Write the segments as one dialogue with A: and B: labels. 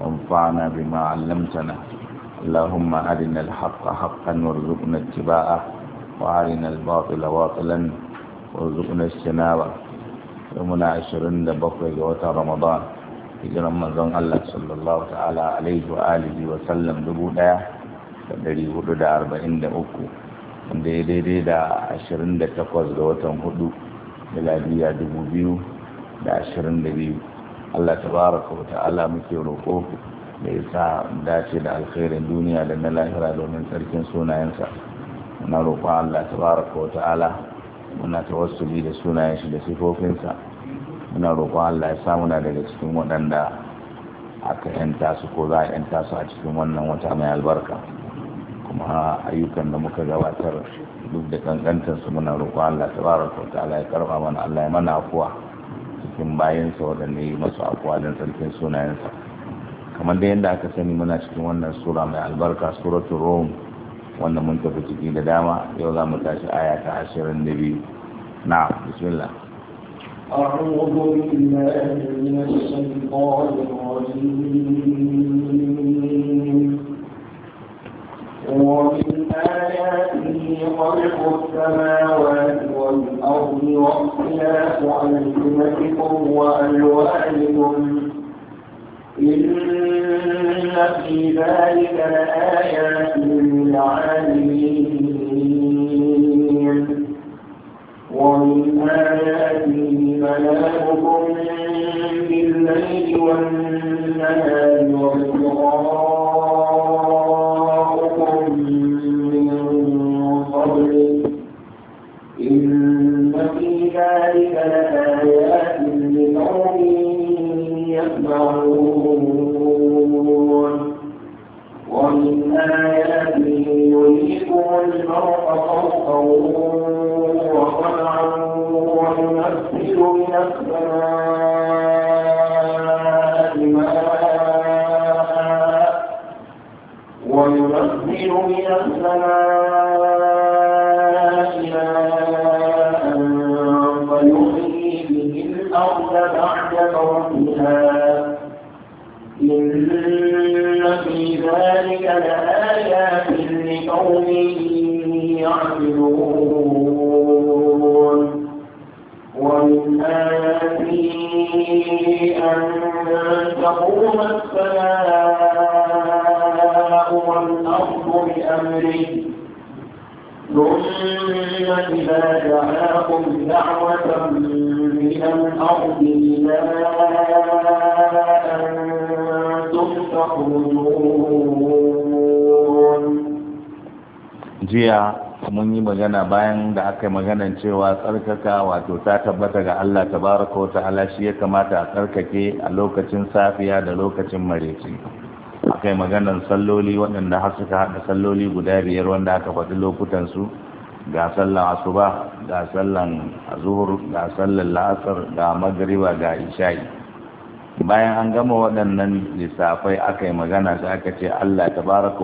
A: وانفعنا بما علمتنا اللهم أرنا الحق حقا وارزقنا اتباعه وأرنا الباطل باطلا وارزقنا اجتنابه يومنا عشرين لبقى جوات رمضان hijiran manzon Allah sallallahu ta'ala alaihi wa alihi wa sallam dubu daya da dari hudu da arba'in da uku wanda daidai da ashirin da takwas ga watan hudu miladiya dubu biyu da ashirin da biyu Allah tabaraka wa ta'ala muke roƙo da ya sa dace da alkhairin duniya da na lahira domin sarkin sunayensa muna roƙo Allah tabaraka wa ta'ala muna tawassuli da sunayen shi da sifofinsa muna roƙo Allah ya samuna muna daga cikin waɗanda aka yanta su ko za a yanta su a cikin wannan wata mai albarka kuma ayyukan da muka gabatar duk da kankantar su muna roƙo Allah tabaraka wa ta'ala ya karɓa mana Allah ya mana afuwa cikin bayansa waɗanda yi masu afuwa don sarkin sunayensa kamar da yadda aka sani muna cikin wannan sura mai albarka suratul rom wanda mun tafi ciki da dama yau za mu tashi aya ta ashirin da biyu na bismillah
B: أعوذ بالله من الشيطان الرجيم ومن آياته خلق السماوات والأرض واختلاف ألسنتكم وألوانكم إن في ذلك لآيات للعالمين ومن آياته منامكم بالليل والنهار والقرآن تسمعون ومن آياته يريكم الفرق خوفا وطلعا وينزل من السماء ماء وينزل من السماء
A: jiya mun yi magana bayan da aka yi maganan cewa tsarkaka wato ta tabbata ga Allah tabaraka wa ta'ala shi ya kamata a tsarkake a lokacin safiya da lokacin mareci aka yi maganan salloli waɗanda har suka haɗa salloli guda biyar wanda aka faɗi lokutansu ga sallan asuba ga sallan zuhur ga sallan la'asar ga magariba ga isha'i bayan an gama waɗannan lissafai aka yi magana sai aka ce Allah tabaraka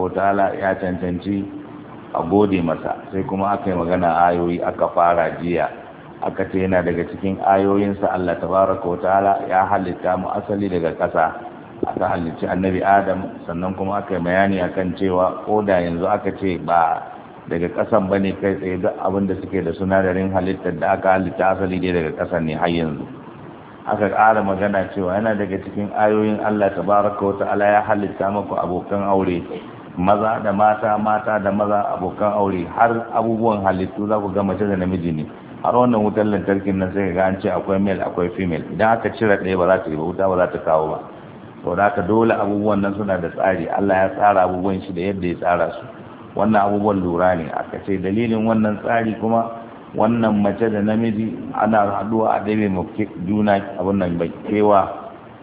A: ya cancanci a gode masa sai kuma aka yi magana ayoyi aka fara jiya aka ce yana daga cikin ayoyinsa Allah tabaraka ya halitta mu asali daga ƙasa aka halicci annabi Adam sannan kuma aka yi bayani akan cewa koda yanzu aka ce ba daga ƙasan bane kai tsaye duk abin da suke da sunadarin halittar da aka halitta asali dai daga ƙasan ne har yanzu aka ƙara magana cewa yana daga cikin ayoyin Allah Ta Baraka Wata ta'ala ya halitta maku abokan aure maza da mata mata da maza abokan aure har abubuwan halittu za ku ga mace da namiji ne har wannan wutar lantarkin nan sai ga an ce akwai male akwai female idan aka cire ɗaya ba za ta yi ba wuta ba za ta kawo ba to da haka dole abubuwan nan suna da tsari Allah ya tsara abubuwan shi da yadda ya tsara su wannan abubuwan lura ne aka ce dalilin wannan tsari kuma wannan mace da namiji ana haduwa a dabi juna abin nan bai kewa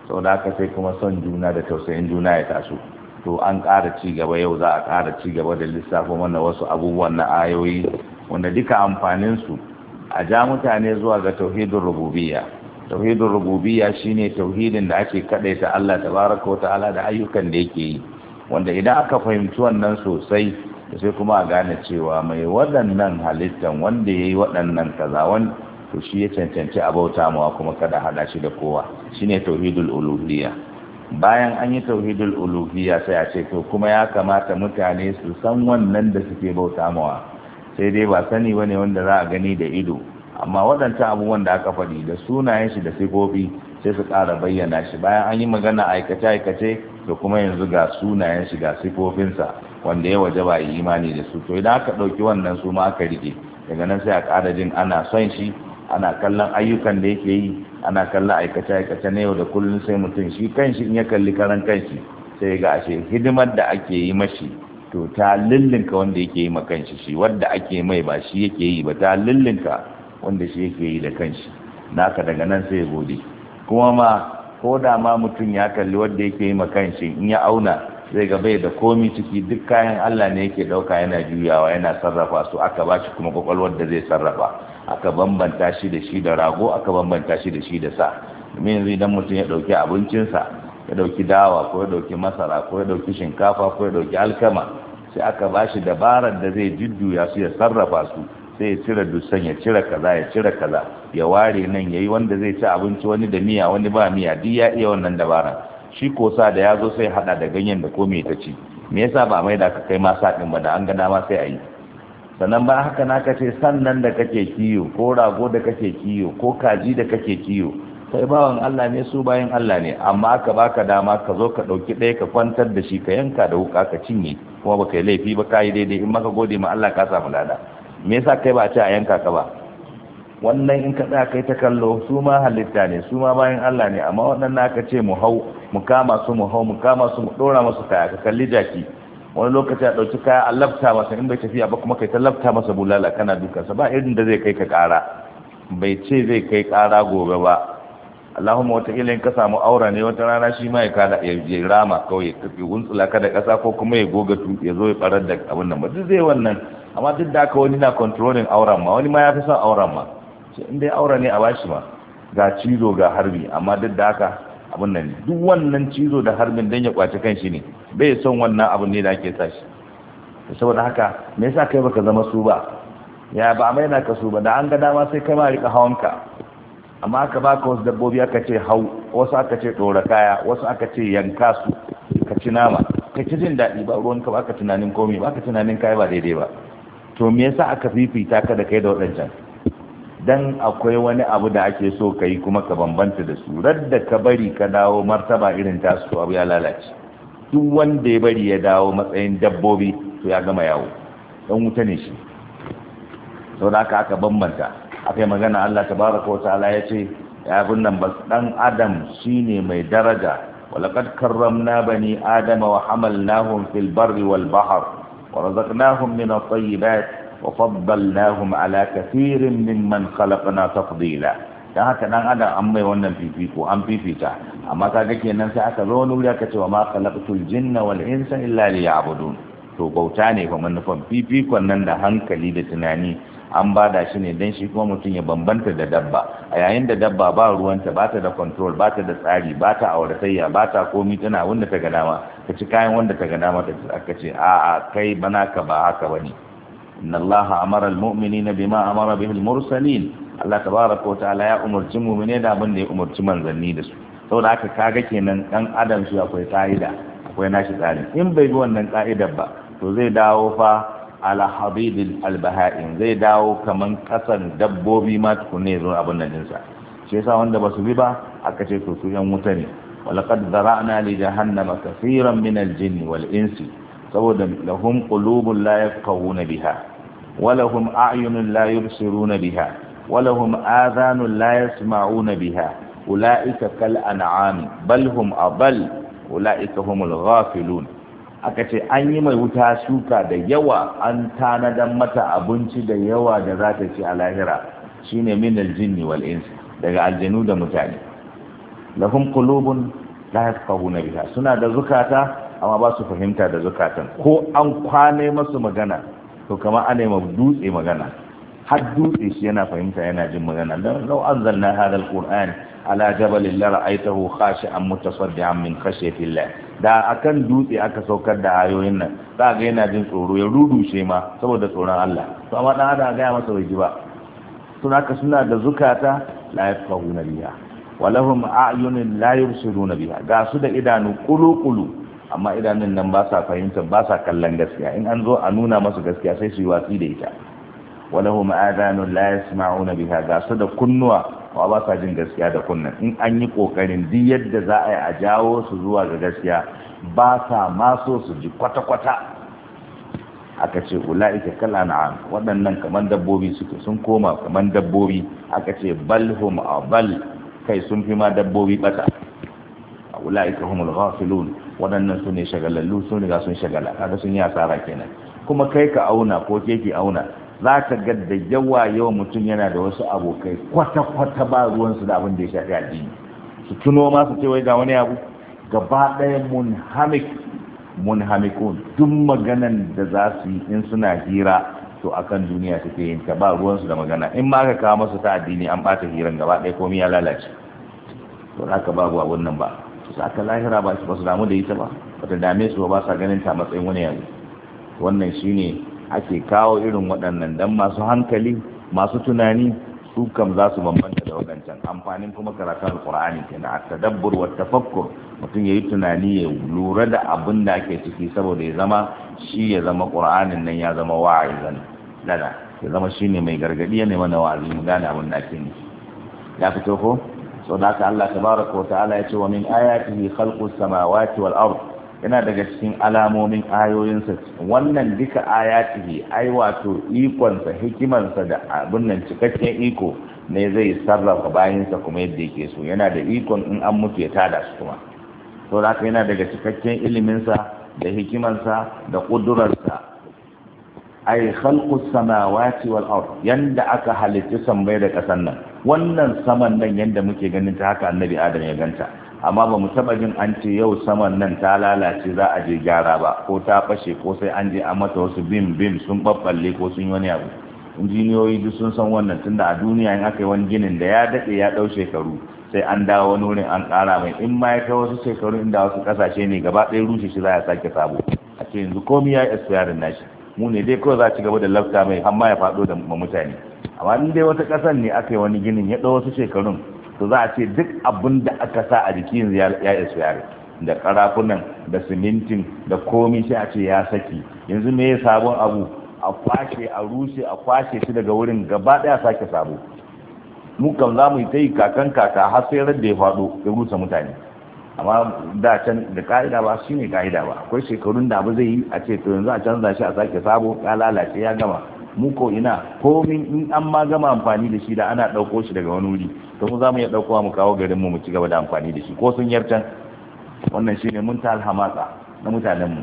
A: sau da aka sai kuma son juna da tausayin juna ya taso to an ƙara cigaba yau za a ƙara ci gaba da lissafo mana wasu abubuwan na ayoyi wanda duka amfanin su a ja mutane zuwa ga tauhidin Rububiya? tauhidin rububiyya shine tauhidin da ake kadaita Allah tabaraka wa ta'ala da ayyukan da yake yi wanda idan aka fahimci wannan sosai to sai kuma a gane cewa mai waɗannan halittan wanda ya yi waɗannan kazawan to shi ya cancanci a bauta mawa kuma kada hada shi da kowa shine tauhidul uluhiyya bayan an yi tauhidul uluhiyya sai a ce to kuma ya kamata mutane su san wannan da suke bauta mawa sai dai ba sani bane wanda za a gani da ido amma waɗancan abubuwan da aka faɗi da sunayen shi da sigobi sai su ƙara bayyana shi bayan an yi magana aikace aikace to kuma yanzu ga sunayen shi ga sifofinsa wanda ya waje ba yi imani da su to idan aka ɗauki wannan su ma aka rike daga nan sai a ƙara jin ana son shi ana kallon ayyukan da yake yi ana kallon aikace aikace na yau da kullum sai mutum shi kanshi in ya kalli karan kanshi sai ga ashe hidimar da ake yi mashi to ta lullunka wanda yake yi ma kanshi shi wanda ake mai ba shi yake yi ba ta lullunka wanda shi yake yi da kanshi naka daga nan sai gode kuma ma ko da ma mutum ya kalli wanda yake yi ma kanshi in ya auna zai ga bai da komi ciki duk kayan Allah ne yake dauka yana juyawa yana sarrafa su aka ba shi kuma kwakwalwar da zai sarrafa aka bambanta shi da shi da rago aka bambanta shi da shi da sa domin yanzu idan mutum ya dauki abincinsa ya dauki dawa ko ya dauki masara ko ya dauki shinkafa ko ya dauki alkama sai aka ba shi dabarar da zai jujjuya su ya sarrafa su sai ya cire dusan ya cire kaza ya cire kaza ya ware nan yayi wanda zai ci abinci wani da miya wani ba miya duk ya iya wannan dabaran shi ko sa da ya zo sai hada da ganyen da komai ta ci me yasa ba mai da ka kai ma sa din ba da an ga dama sai a yi sannan ba haka na ka ce sannan da kake kiyo ko rago da kake kiyo ko kaji da kake kiyo sai bawan Allah ne su bayan Allah ne amma ka baka dama ka zo ka ɗauki ɗaya ka kwantar da shi ka yanka da wuka ka cinye kuma ba kai laifi ba ka daidai in maka gode ma Allah ka samu lada me yasa kai ba ce a yanka ka ba wannan in ka tsaya kai ta kallo su ma halitta ne su ma bayan Allah ne amma waɗannan aka ce mu hau mu kama su mu hau mu kama su mu ɗora masu kaya ka kalli jaki wani lokaci a ɗauki kaya a lafta masa in bai tafiya ba kuma kai ta lafta masa bulala kana dukansa ba irin da zai kai ka ƙara bai ce zai kai ƙara gobe ba Allahumma wata in ka samu aura ne wata rana shi ma ya kada ya rama kawai ya wuntsula ka da ƙasa ko kuma ya goga tu ya zo ya barar da abin nan ba duk zai wannan amma duk da aka wani na controlling auren ma wani ma ya fi son auren ma in dai aure ne a bashi ma ga cizo ga harbi amma duk da haka abin nan duk wannan cizo da harbin dan ya kwaci kan shi ne bai son wannan abun ne da ake sa shi saboda haka me yasa kai baka zama su ba ya ba mai na ka su ba da an ga dama sai kai ma rika ka amma aka baka wasu dabbobi aka ce hau wasu aka ce dora kaya wasu aka ce yanka su ka ci nama ka ci jin daɗi ba ka ba ka tunanin komai ba ka tunanin kai ba daidai ba to me yasa aka fifita ka da kai da waɗancan dan akwai wani abu da ake so ka yi kuma ka bambanta da su radda ka bari ka dawo martaba irin tasu su abu ya lalace duk wanda ya bari ya dawo matsayin dabbobi to ya gama yawo dan wuta ne shi sau da aka bambanta aka magana Allah ta baraka wa ta'ala ya ce ya abin nan ba dan adam shine mai daraja walaqad karramna bani adama wa hamalnahum fil barri wal bahr wa razaqnahum min at-tayyibat وفضلناهم على كثير ممن خلقنا تفضيلا dan haka dan adam an mai wannan fifiko an fifita amma kaga kenan sai aka zo wani aka ce wa ma khalaqtul jinna wal insa illa liya'budun to bauta ne fa manufan fifikon nan da hankali da tunani an bada shi ne dan shi kuma mutum ya bambanta da dabba a yayin da dabba ba ruwanta ba ta da control ba ta da tsari ba ta auratayya ba ta komi tana wanda ta ga dama ci kayan wanda ta ga dama ta ce a'a kai bana ka ba haka bane إن الله أمر المؤمنين بما أمر به المرسلين الله تبارك وتعالى يا أمر جمو من يدا بند أمر جمان ذني دس سو داك كاغا كينن كان أدم شو أكوي قاعدة أكوي ناشي تعلم إن بيبو أنن قاعدة با تو زي داو فا ala habibin albaha'in zai dawo kaman kasan dabbobi ma tukunne zo abin nan dinsa shi yasa wanda basu bi ba aka ce to yan wuta ne walaqad zara'na li jahannama kaseeran min wal insi saboda lahum qulubun la yafqahuna biha wa lahum a'yunun la yubsiruna biha wa lahum adhanun la yasma'una biha ulaika kal an'am bal hum abal ulaika humul ghafilun aka ce an yi mai wuta shuka da yawa an tanadan mata abinci da yawa da za ta ci a lahira shine min aljinni wal daga aljanu da mutane lahum qulubun la yafqahuna biha suna da zukata amma ba su fahimta da zukatan ko an kwane masu magana to kamar ana yi dutse magana har dutse shi yana fahimta yana jin magana don lau an zanna hadal qur'an ala jabalin la ra'aitahu khashi'an mutasaddian min khashyati llah da akan dutse aka saukar da ayoyin nan za ga yana jin tsoro ya rurushe ma saboda tsoron Allah to amma dan adam ga masa bai ba sun haka suna da zukata la yafqahuna biha wa lahum a'yunun la yubsiruna biha ga su da idanu kulukulu amma idanun nan ba sa fahimta ba sa kallon gaskiya in an zo a nuna masu gaskiya sai su yi watsi da ita walahu ma'adanun la yasma'una biha ga su da kunnuwa ba ba sa jin gaskiya da kunnan in an yi kokarin duk yadda za a yi a jawo su zuwa ga gaskiya ba sa maso su ji kwata-kwata aka ce ula'ika kala na'am waɗannan kamar dabbobi suke sun koma kamar dabbobi aka ce bal a bal kai sun fi ma dabbobi ɓata bata ula'ika humul ghafilun waɗannan su ne shagalallu sun riga sun shagala kaga sun yi asara kenan kuma kai ka auna ko ke ki auna za ka ga da yawa yawa mutum yana da wasu abokai kwata-kwata ba ruwansu da abin da ya shafi addini su tuno ma su ce wai ga wani abu gaba ɗaya mun hamikun duk maganan da za su yi in suna hira to akan duniya ke yin ta ba ruwansu da magana in ma ka kawo masu ta addini an ɓata hiran gaba ɗaya komai ya lalace to haka babu abun nan ba su aka lahira ba su damu da ita ba wata dame su ba sa ganin ta matsayin wani yanzu wannan shine ake kawo irin waɗannan dan masu hankali masu tunani su kam za su bambanta da waɗancan amfanin kuma karatun alkur'ani kenan a tadabbur wa tafakkur mutum ya yi tunani ya lura da abin da ake ciki saboda ya zama shi ya zama qur'anin nan ya zama wa'izan lana ya zama shine mai gargaɗi ya nema na wa'azi mu gane abin da ake ni ya fito ko saboda Allah tabaraka wa ta'ala ya ce wa min ayatihi khalqus samawati wal ard yana daga cikin alamomin ayoyinsa wannan duka ayatihi ai wato ikonsa hikimarsa da abin nan cikakken iko ne zai sarrafa bayansa kuma yadda yake so yana da ikon in an mutu ya tada su kuma yana daga cikakken iliminsa da hikimarsa da ƙudurarsa ai khalqus samawati wal ard yanda aka halitta sammai da ƙasar nan wannan saman nan yadda muke ganin ta haka annabi adam ya ganta amma ba mu taba jin an ce yau saman nan ta lalace za a je gyara ba ko ta fashe ko sai an je a mata wasu bim bim sun babballe ko sun yi wani abu injiniyoyi duk sun san wannan tunda a duniya in aka yi wani ginin da ya daɗe ya dau shekaru sai an dawo wani wurin an kara mai in ma ya kai wasu shekaru inda wasu kasashe ne gaba ɗaya rushe shi za a sake sabo a ce yanzu komai ya yi nashi mu ne dai kawai za ci gaba da lafta mai amma ya faɗo da mutane amma in dai wata kasan ne aka yi wani ginin ya ɗau wasu shekarun to za a ce duk abin da aka sa a jikin ya isu yare da karafunan da simintin da komi sai a ce ya saki yanzu me sabon abu a kwashe a rushe a kwashe shi daga wurin gaba ɗaya sake sabo mu kan za mu yi ta yi kakan kaka har sai da ya fado ya rusa mutane amma da can da ka'ida ba shine ka'ida ba akwai shekarun da abu zai yi a ce to yanzu a canza shi a sake sabo ya lalace ya gama mu ko ina komin in an ma gama amfani da shi da ana ɗauko shi daga wani wuri to mu za mu iya ɗaukowa mu kawo garin mu mu ci gaba da amfani da shi ko sun yarcan wannan shine mun ta alhamasa na mutanen mu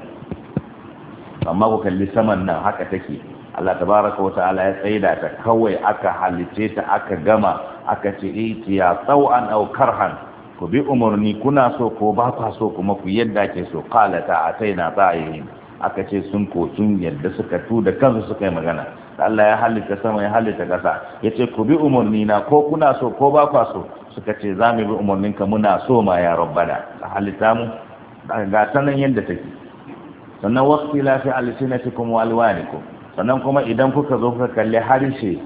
A: amma ku kalli saman nan haka take Allah tabaraka wa ta'ala ya tsaida ta kawai aka halice ta aka gama aka ce itiya eh, an aw karhan ku bi umarni kuna so ko ba kwa so kuma ku yadda ke so kala ta na ta'ihin aka ce sun ko sun yadda suka tu da kansu suka yi magana Allah ya halitta sama ya halitta kasa ya ce ku bi umarni na ko kuna so ko ba kwa so suka ce za mu bi umarninka muna so ma ya rabbana da halitta mu ga sanan yadda take sannan waqti la fi alsinatikum wa alwanikum sannan kuma idan kuka zo kuka kalli harshe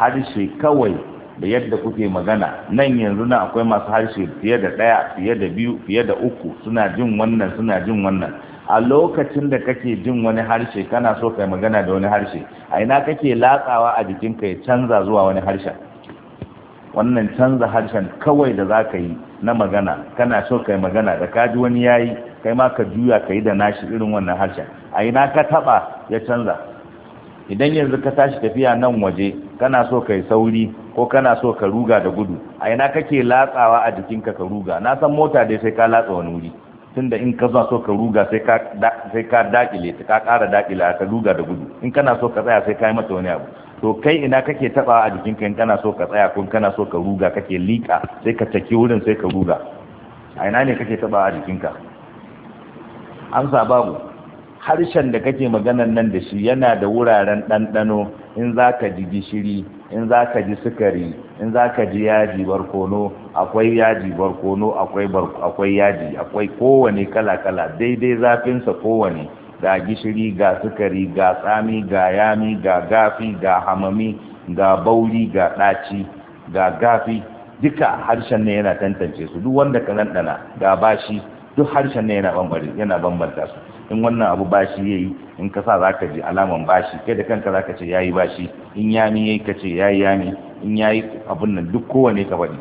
A: harshe kawai da yadda kuke magana nan yanzu na akwai masu harshe fiye da ɗaya fiye da biyu fiye da uku suna jin wannan suna jin wannan a lokacin da kake jin wani harshe kana so kai magana da wani harshe a ina kake latsawa a jikinka ya canza zuwa wani harshen wannan canza harshen kawai da za ka yi na magana kana so kai magana da kaji wani yayi kai ma ka juya ka yi da nashi irin wannan harshen a ina ka taba ya canza idan yanzu ka tashi tafiya nan waje kana so ka yi sauri ko kana so ka ruga da gudu a ina kake latsawa a jikinka ka ruga na san mota dai sai ka latsa wani wuri tunda in ka so ka ruga sai ka sai ka dakile ta ka kara dakile ka ruga da gudu in kana so ka tsaya sai ka yi mata wani abu to kai ina kake taba a jikinka in kana so ka tsaya ko kana so ka ruga kake lika sai ka take wurin sai ka ruga a ina ne kake taba a jikinka amsa babu harshen da kake maganan nan da shi yana da wuraren ɗanɗano in za ka ji gishiri in za ka ji sukari in za ka ji yaji barkono akwai yaji barkono akwai yaji akwai kowane kala-kala daidai zafinsa kowane ga gishiri ga sukari ga tsami ga yami ga gafi ga hamami ga bauri ga ɗaci ga gafi duka harshen ne yana tantance su duk wanda ka ɗanɗana ga bashi duk harshen ne yana bambanta su in wannan abu bashi yayi in ka sa zaka ji alaman bashi kai da kanka zaka ce yayi bashi in ya yayi ka ce yayi yami in yayi abun nan duk kowane ka faɗi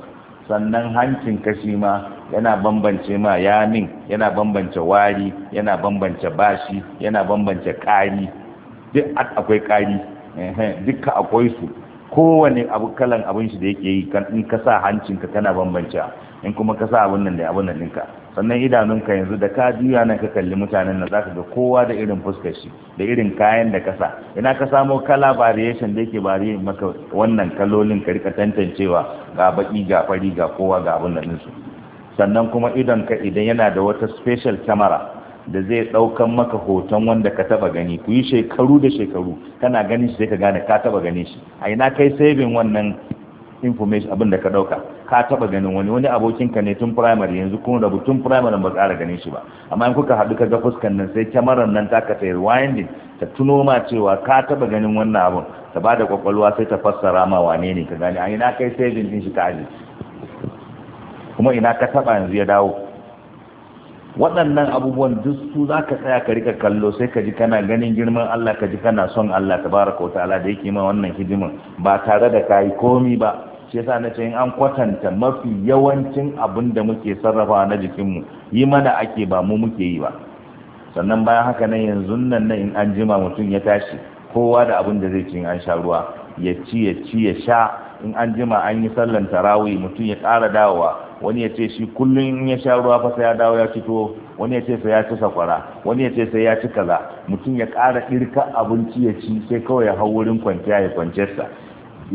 A: sannan hancin kashi ma yana bambance ma ya min, yana bambance wari yana bambance bashi yana bambance kari duk akwai ƙari dukka akwai su kowane abu kalan abin shi da yake yi in ka sa hancinka kana bambance in kuma ka sa abin nan da abin nan ɗinka sannan idanunka yanzu da ka juya nan ka kalli mutanen nan zaka ga kowa da irin fuskar shi da irin kayan da kasa ina ka samo kala variation da yake bari maka wannan kalolin ka rika tantancewa ga baki ga fari ga kowa ga abin nan su sannan kuma idan ka idan yana da wata special camera da zai ɗaukan maka hoton wanda ka taba gani ku yi shekaru da shekaru kana ganin shi sai ka gane ka taba gani shi a ina kai saving wannan information abin da ka ɗauka. ka taba ganin wani wani abokin ka ne tun primary yanzu kun rabu tun primary ba ƙara ganin shi ba amma in kuka haɗu ka ga fuskan nan sai kyamarar nan ta ka tayar winding ta tuno ma cewa ka taba ganin wannan abun ta ba da kwakwalwa sai ta fassara ma wane ne ka gane a ina kai saving din shi ka aji kuma ina ka taba yanzu ya dawo waɗannan abubuwan duk su za ka tsaya ka rika kallo sai ka ji kana ganin girman Allah ka ji kana son Allah tabaraka wa ta'ala da yake ma wannan hidimin ba tare da ka yi komi ba shi yasa na ce in an kwatanta mafi yawancin abin da muke sarrafa na jikinmu yi mana ake ba mu muke yi ba sannan bayan haka nan yanzu nan nan in an jima mutum ya tashi kowa da abin da zai ci an sha ruwa ya ci ya ci ya sha in an jima an yi sallan tarawih mutum ya ƙara dawowa wani ya ce shi kullum in ya sha ruwa fa sai ya dawo ya ci tuwo wani ya ce sai ya ci sakwara wani ya ce sai ya ci kaza mutum ya ƙara ɗirka abinci ya ci sai kawai ya hau wurin kwanciya ya kwanciyarsa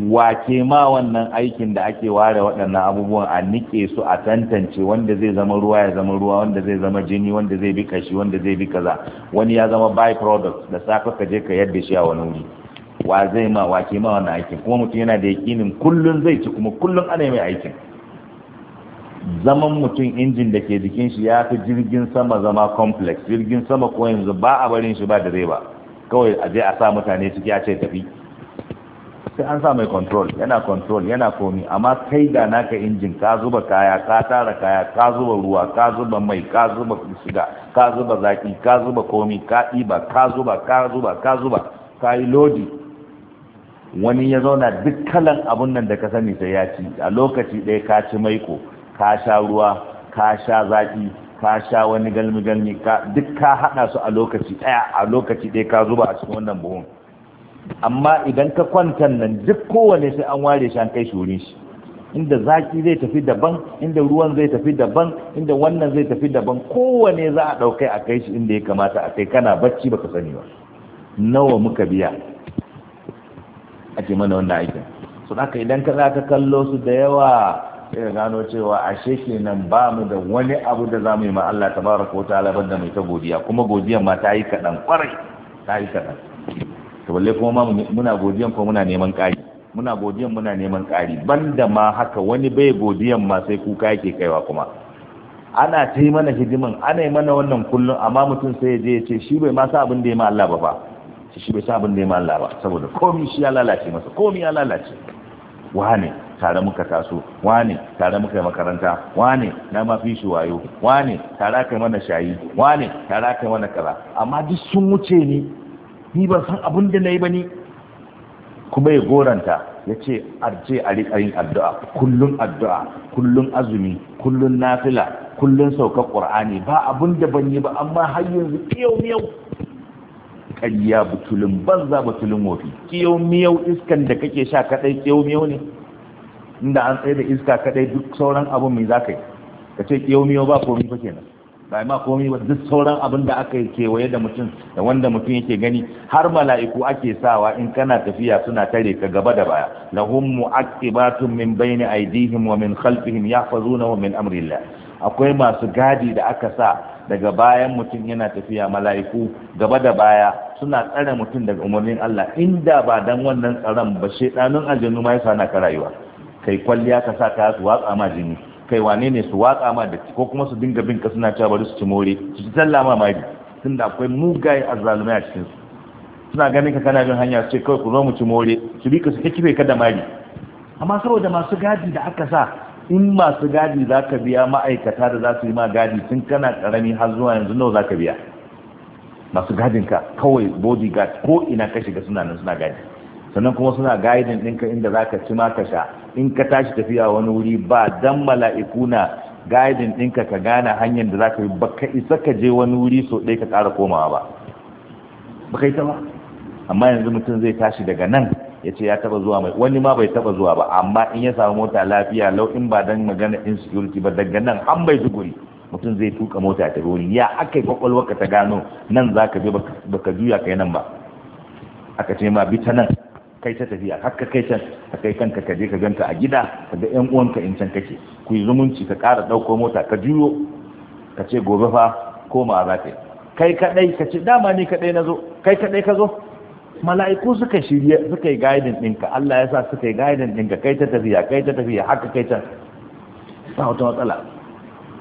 A: wake ma wannan aikin da ake ware waɗannan abubuwan a nike su a tantance wanda zai zama ruwa ya zama ruwa wanda zai zama jini wanda zai bi kashi wanda zai bi kaza wani ya zama by product da safe ka je ka yadda shi a wani wuri wa zai ma wake ma wannan aikin kuma mutum yana da yakinin kullun zai ci kuma kullun ana mai aikin zaman mutum injin da ke jikin shi ya fi jirgin sama zama complex jirgin sama ko yanzu ba a barin shi ba da zai ba kawai a je a sa mutane ciki a ce tafi sai an sa mai control yana control yana komi amma kai da naka injin ka zuba kaya ka tara kaya ka zuba ruwa ka zuba mai ka zuba shiga ka zuba zaki ka zuba komi ka ɗiba ka zuba ka zuba ka zuba ka yi lodi wani ya zauna duk kalan abun nan da ka sani sai ya ci a lokaci ɗaya ka ci maiko ka sha ruwa ka sha zaki ka sha wani galmi galmi ka duk ka haɗa su a lokaci ɗaya a lokaci ɗaya ka zuba a cikin wannan buhun amma idan ka kwanta nan duk kowane sai an ware shi an kai shi wurin shi inda zaki zai tafi daban inda ruwan zai tafi daban inda wannan zai tafi daban kowane za a ɗaukai a kai shi inda ya kamata a kai kana bacci baka sani ba nawa muka biya ake mana wannan aikin su haka idan ka za ka kallo su da yawa sai gano cewa ashe kenan ba mu da wani abu da za mu yi ma Allah tabaraka wa ta'ala banda mai ta godiya kuma godiyan ma ta yi kaɗan kwarai ta yi kaɗan to balle kuma muna godiyan ko muna neman ƙari muna godiyan muna neman ƙari banda ma haka wani bai godiyan ma sai kuka yake kaiwa kuma ana ta yi mana hidiman ana yi mana wannan kullum amma mutum sai ya je ya ce shi bai ma sa abin da ya ma Allah ba fa shi bai sa abin da ya ma Allah ba saboda komi shi ya lalace masa komi ya lalace wane tare muka taso wane tare muka yi makaranta wane na ma fi shi wayo wane tare aka mana shayi wane tare aka mana kaza amma duk sun wuce ni ni ban san abin da na yi ba ni kuma ya goranta ya ce arce a riƙa addu'a kullum addu'a kullum azumi kullum nafila kullum saukar ƙur'ani ba abin da ban yi ba amma har yanzu ƙiyau miyau ƙarya butulun banza butulun wofi ƙiyau miyau iskan da kake sha kaɗai ƙiyau miyau ne inda an tsaye da iska kaɗai duk sauran abu mai za ka yi ka ce ƙiyau miyau ba komai fa kenan ba ma komai ba duk sauran abin da aka yi kewaye da mutum da wanda mutum yake gani har mala'iku ake sawa in kana tafiya suna tare ka gaba da baya lahum mu'aqibatun min bayni aydihim wa min khalfihim yahfazunahu min amrillah akwai masu gadi da aka sa daga bayan mutum yana tafiya mala'iku gaba da baya suna tsare mutum daga umarnin Allah inda ba dan wannan tsaron ba shedanun aljannu ma yasa na ka rayuwa kai kwalliya ka sa ka watsa ma jini kai wane ne su watsa ma da ko kuma su dinga bin kasu suna cewa bari su ci more su ci talla ma mari tunda akwai mugaye azzalumai a cikin su suna ganin ka kana bin hanya su ce kawai ku zo mu ci more su bi ka su kife ka da mari amma saboda masu gadi da aka sa in masu gadi za ka biya ma'aikata da za su yi ma gadi tun kana karami har zuwa yanzu nawa za ka biya masu gadin ka kawai body guard ko ina ka shiga suna nan suna gadi sannan kuma suna gadin ɗinka inda za ka ci ma ka sha in ka tashi tafiya wani wuri ba dan mala'iku na gaidin ɗinka ka gane hanyar da za ka yi ba ka isa ka je wani wuri so ɗaya ka ƙara komawa ba ba ka yi ba amma yanzu mutum zai tashi daga nan ya ce ya taba zuwa mai wani ma bai taba zuwa ba amma in ya samu mota lafiya lau in ba dan magana insecurity ba daga nan an bai guri mutum zai tuka mota ta wuri ya aka yi kwakwalwa ka ta gano nan za ka je baka juya ka yi nan ba aka ce ma bi ta nan kai ta tafiya har ka kai can ka kai kanka ka je ka ganta a gida ka ga yan uwanka in can kake ku yi zumunci ka ƙara ɗauko mota ka juyo ka ce gobe fa koma za ka yi kai kaɗai ka ce dama ni kaɗai na zo kai kaɗai ka zo mala'iku suka shirye suka yi gaidin ɗinka Allah ya sa suka yi gaidin ɗinka kai ta tafiya kai ta tafiya haka kai can ba wata matsala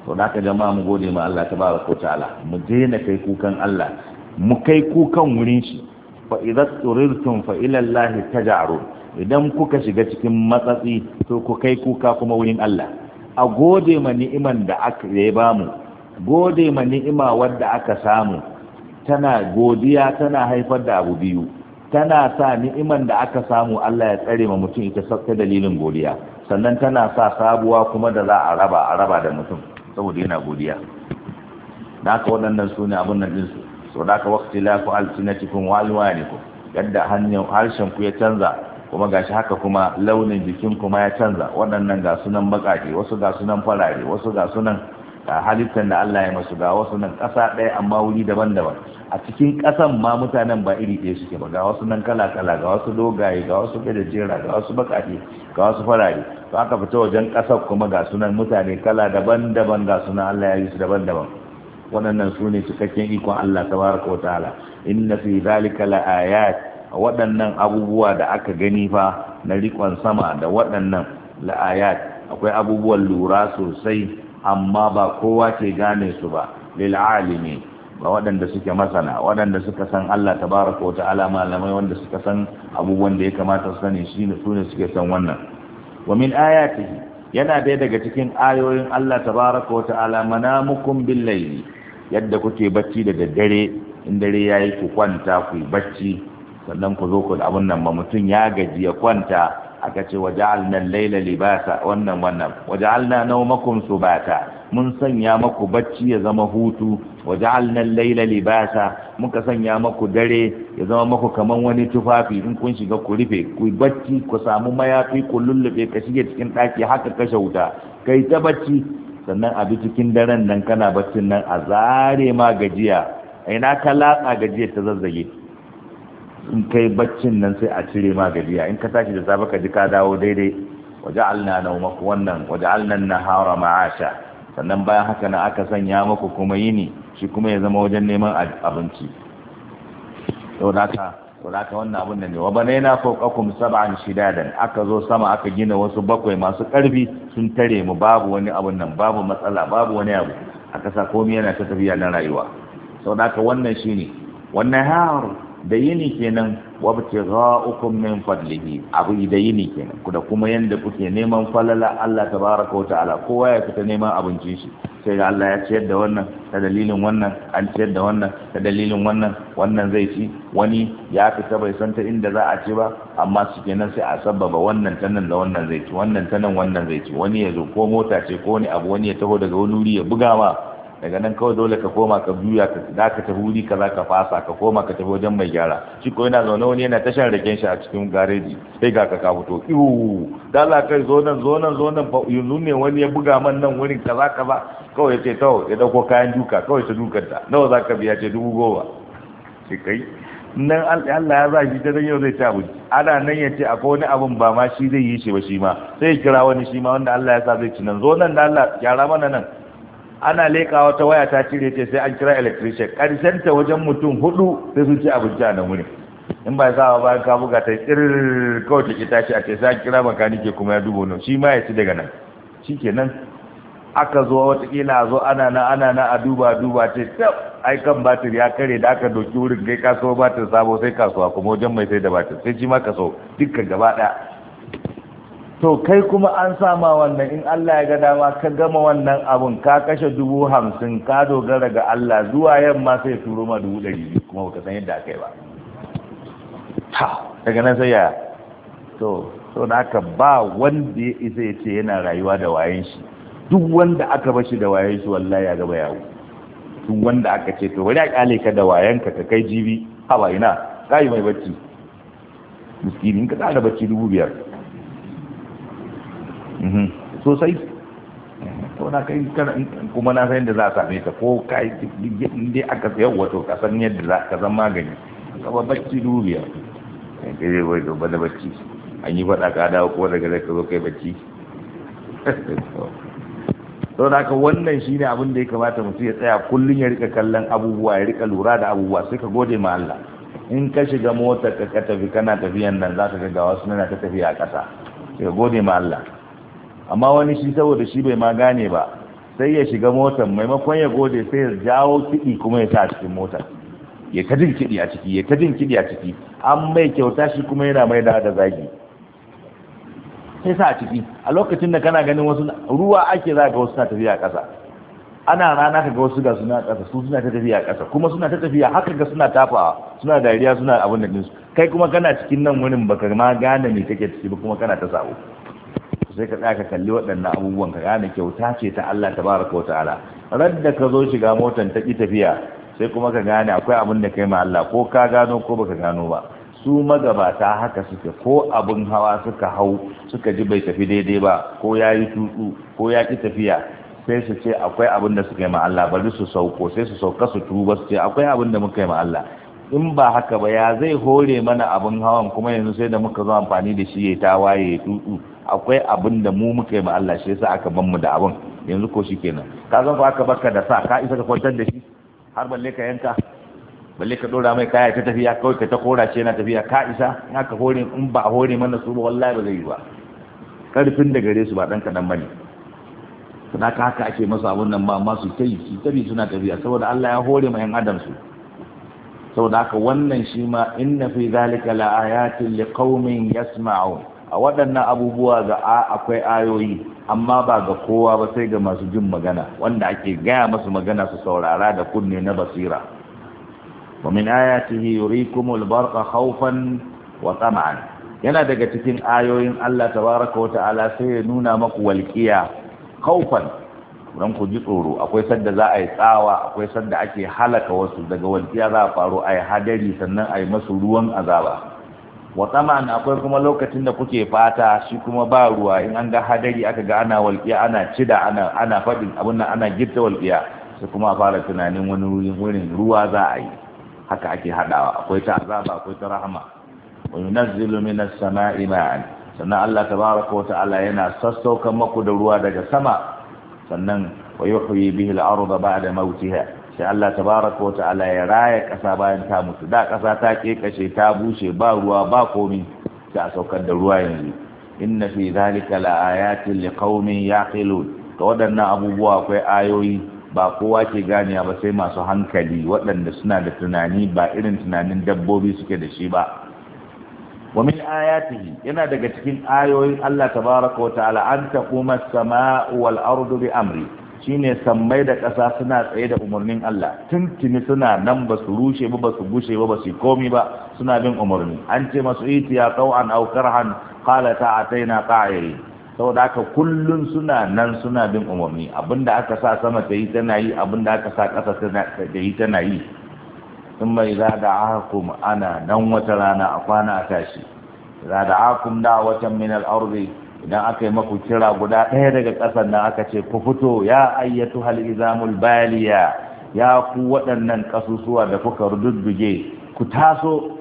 A: to da ka jama'a mu gode ma Allah tabaraka wa ta'ala mu daina kai kukan Allah mu kai kukan wurin shi fa idza turirtum lahi ta allahi idan kuka shiga cikin matsatsi to ku kai kuka kuma wurin Allah a gode ma ni'iman da aka ya bamu gode ma ni'ima wadda aka samu tana godiya tana haifar da abu biyu tana sa ni'iman da aka samu Allah ya tsare ma mutum ita ta dalilin godiya sannan tana sa sabuwa kuma da za a raba a raba da mutum saboda yana godiya na ka waɗannan su ne abin nan ɗinsu so da ka waqti la ku yadda hannun harshen ku ya canza kuma gashi haka kuma launin jikin kuma ya canza waɗannan ga sunan baƙaƙe wasu ga sunan farare wasu ga sunan halittar da Allah ya masu ga wasu nan ƙasa ɗaya amma wuri daban-daban a cikin kasan ma mutanen ba iri ɗaya suke ba ga wasu nan kala-kala ga wasu dogaye ga wasu gajejjera ga wasu baƙaƙe ga wasu farare to aka fita wajen ƙasar kuma ga sunan mutane kala daban-daban ga sunan Allah ya yi su daban-daban waɗannan su ne cikakken ikon Allah tabaraka wa ta'ala inna fi zalika laayat waɗannan abubuwa da aka gani fa na rikon sama da waɗannan laayat akwai abubuwan lura sosai amma ba kowa ke gane su ba lil alimi ba waɗanda suke masana waɗanda suka san Allah tabaraka wa ta'ala malamai wanda suka san abubuwan da ya kamata su sani shine su ne suke san wannan wa min ayatihi yana daya daga cikin ayoyin Allah tabaraka wa ta'ala manamukum bil layli yadda kuke bacci da daddare in dare ya yi ku kwanta ku bacci sannan ku zo ku da abun nan ba mutum ya gaji ya kwanta aka ce waje al-laila libasa wannan wannan waja'alna nawmakum subata mun sanya maku bacci ya zama hutu Waje al-laila libasa muka sanya maku dare ya zama maku kaman wani tufafi in kun shiga ku rufe ku bacci ku samu mayafi ku lullube ka shige cikin ɗaki, haka kashe wuta kai ta bacci sannan a bi cikin daren nan kana baccin nan a zare ma gajiya a ina ka latsa gajiya ta zazzage in kai baccin nan sai a cire ma gajiya in ka tashi da safe ka ji ka dawo daidai na nawmaku wannan alna na hawa ma'asha sannan bayan haka na aka sanya muku kuma yini shi kuma ya zama wajen neman abinci to da ka wannan abin da ne wa banaina fawqakum sab'an shidadan aka zo sama aka gina wasu bakwai masu karfi sun tare mu babu wani abun nan babu matsala babu wani abu aka sa komai yana ta tafiya na rayuwa sau da ka wannan shine wannan haru da yini kenan wabtigha'ukum min fadlihi abu da yini kenan da kuma yanda kuke neman falala Allah wata ta'ala kowa ya fita neman abincin shi sai da Allah ya ciyar da wannan ta dalilin wannan an ciyar da wannan ta dalilin wannan wannan zai ci wani ya fita bai san ta inda za a ci ba amma su kenan sai a sababa wannan ta nan da wannan zai ci wannan ta nan wannan zai ci wani ya zo ko mota ce ko wani abu wani ya taho daga wani wuri ya buga ma daga nan kawai dole ka koma ka juya ka da ka tafi wuri kaza ka fasa ka koma ka tafi wajen mai gyara shi ko yana zaune wani yana tashan raken shi a cikin gareji sai ga ka fito
B: iwu
A: da Allah kai zo nan zo nan zo nan yanzu ne wani ya buga man nan wurin kaza kaza kawai ya ce kawai ya dauko kayan duka kawai ta dukar ta nawa ka biya ce dubu goma shi kai nan Allah ya sa ta dan yau zai ta abu ana nan ya ce akwai wani abun ba ma shi zai yi shi ba shi ma sai ya kira wani shi ma wanda Allah ya sa zai ci nan zo nan da Allah gyara mana nan ana leka wata waya ta cire ce sai an kira electrician karshen ta wajen mutum hudu sai sun ci abinci a nan in ba sa ba bayan ka buga ta tsirr kawai ta ki tashi a ce sai an kira makanike kuma ya dubo nan shi ma ya ci daga nan shikenan aka zo watakila a zo ana na ana na a duba duba ce tab ai kan batir ya kare da aka doki wurin kai kasuwa batir sabo sai kasuwa kuma wajen mai sai da batir sai ji ma kaso dukkan gaba daya to kai kuma an sama wannan in Allah ya ga dama ka gama wannan abun ka kashe dubu hamsin ka dogara ga Allah zuwa yamma sai turo ma dubu ɗari kuma ka san yadda aka yi ba ha daga nan sai ya to so da aka ba wanda ya isa ya ce yana rayuwa da wayan shi duk wanda aka bashi da wayan shi wallahi ya gaba yawo duk wanda aka ce to wani a kyale ka da wayan ka ka kai jibi haba ina yi mai bacci miskinin ka da bacci dubu biyar sosai to na kai kuma na san yadda za a same ta ko kai inda aka sayar wato ka san yadda za ka san magani kaba bacci duniya kai kai wai ba da bacci an yi faɗa ka dawo ko daga da ka zo kai bacci to da ka wannan shi ne abin da ya kamata mutum ya tsaya kullum ya rika kallon abubuwa ya rika lura da abubuwa sai ka gode ma Allah in ka shiga mota ka tafi kana tafiyan nan za ka ga wasu nana ta tafiya a ƙasa sai ka gode ma Allah amma wani shi saboda shi bai ma gane ba sai ya shiga motar maimakon ya gode sai ya jawo kiɗi kuma ya sa a cikin motar ya ta kiɗi a ciki ya ta jin kiɗi a ciki an mai kyauta shi kuma yana mai da da zagi sai sa a ciki a lokacin da kana ganin wasu ruwa ake za ga wasu na tafiya a ƙasa ana rana ka ga wasu ga suna ƙasa su suna ta tafiya a ƙasa kuma suna ta tafiya haka ga suna tafawa suna dariya suna abin da ɗinsu kai kuma kana cikin nan wurin baka ma gane me kake ciki ba kuma kana ta sabo sai ka tsaka kalli waɗannan abubuwan ka gane kyauta ce ta Allah Ta tabaraka ta'ala radda ka zo shiga motan ta ki tafiya sai kuma ka gane akwai abin da kai ma Allah ko ka gano ko baka gano ba su magabata haka suke ko abin hawa suka hau suka ji bai tafi daidai ba ko ya yi tutu ko ya ki tafiya sai su ce akwai abin da suka yi ma Allah bari su sauko sai su sauka su tuba su ce akwai abin da muka yi ma Allah in ba haka ba ya zai hore mana abin hawan kuma yanzu sai da muka zo amfani da shi ya ta waye ya akwai abin da mu muka yi ma Allah shi yasa aka ban mu da abin yanzu ko shi kenan ka zan fa aka baka da sa ka isa ka kwantar da shi har balle ka yanka balle ka dora mai kaya ta tafiya kawai ka ta ce na tafiya ka isa in aka hore in ba hore mana su ba wallahi ba zai yi ba karfin da gare su ba dan kadan bane ka haka ake masa abun nan ba amma su kai su tafi suna tafiya saboda Allah ya hore ma yan adam su saboda haka wannan shi ma inna fi zalika la ayatin liqaumin yasma'un a waɗannan abubuwa ga akwai ayoyi amma ba ga kowa ba sai ga masu jin magana wanda ake gaya masu magana su saurara da kunne na basira wa min ayatihi yurikumul barqa khawfan wa yana daga cikin ayoyin Allah tabaraka wa ta'ala sai ya nuna maku walqiya khawfan dan ku ji tsoro akwai sanda za a yi tsawa akwai sanda ake halaka wasu daga walqiya za a faru a hadari sannan a yi masu ruwan azaba wa tsaman akwai kuma lokacin da kuke fata shi kuma ba ruwa in an ga hadari aka ga ana walƙiya ana cida ana ana faɗin abin nan ana gifta walƙiya sai kuma fara tunanin wani wurin ruwa za a yi haka ake haɗawa akwai ta azaba akwai ta rahama wa yunazzilu minas sama'i ma'an sannan Allah tabaraka wa ta'ala yana sassaukar maku da ruwa daga sama sannan wa yuhyi bihi al-ardha ba'da mawtiha sai Allah tabaraka wa ta'ala ya raya kasa bayan ta mutu da ƙasa ta kekashe ta bushe ba ruwa ba komi sai a saukar da ruwa yanzu inna fi zalika laayatin liqaumin yaqilun to waɗannan abubuwa akwai ayoyi ba kowa ke gani ba sai masu hankali waɗanda suna da tunani ba irin tunanin dabbobi suke da shi ba wa min ayatihi yana daga cikin ayoyin Allah tabaraka wa ta'ala an taquma as-samaa'u wal ardu bi amri shine sammai da ƙasa suna tsaye da umarnin Allah tuntuni suna nan ba su rushe ba ba su gushe ba ba su komi ba suna bin umarni an ce masu ya aukar itiya qau'an aw karhan qala ta'ataina Sau saboda haka kullum suna nan suna bin umarni abinda aka sa sama ta yi tana yi abinda aka sa ƙasa ta yi tana yi in mai za da akum ana nan wata rana a kwana a tashi za da akum da watan minar aure. idan aka yi maku kira guda ɗaya daga ƙasar nan aka ce ku fito ya ayyatu halizamul izamul baliya ya ku waɗannan ƙasusuwa da kuka rududduge ku taso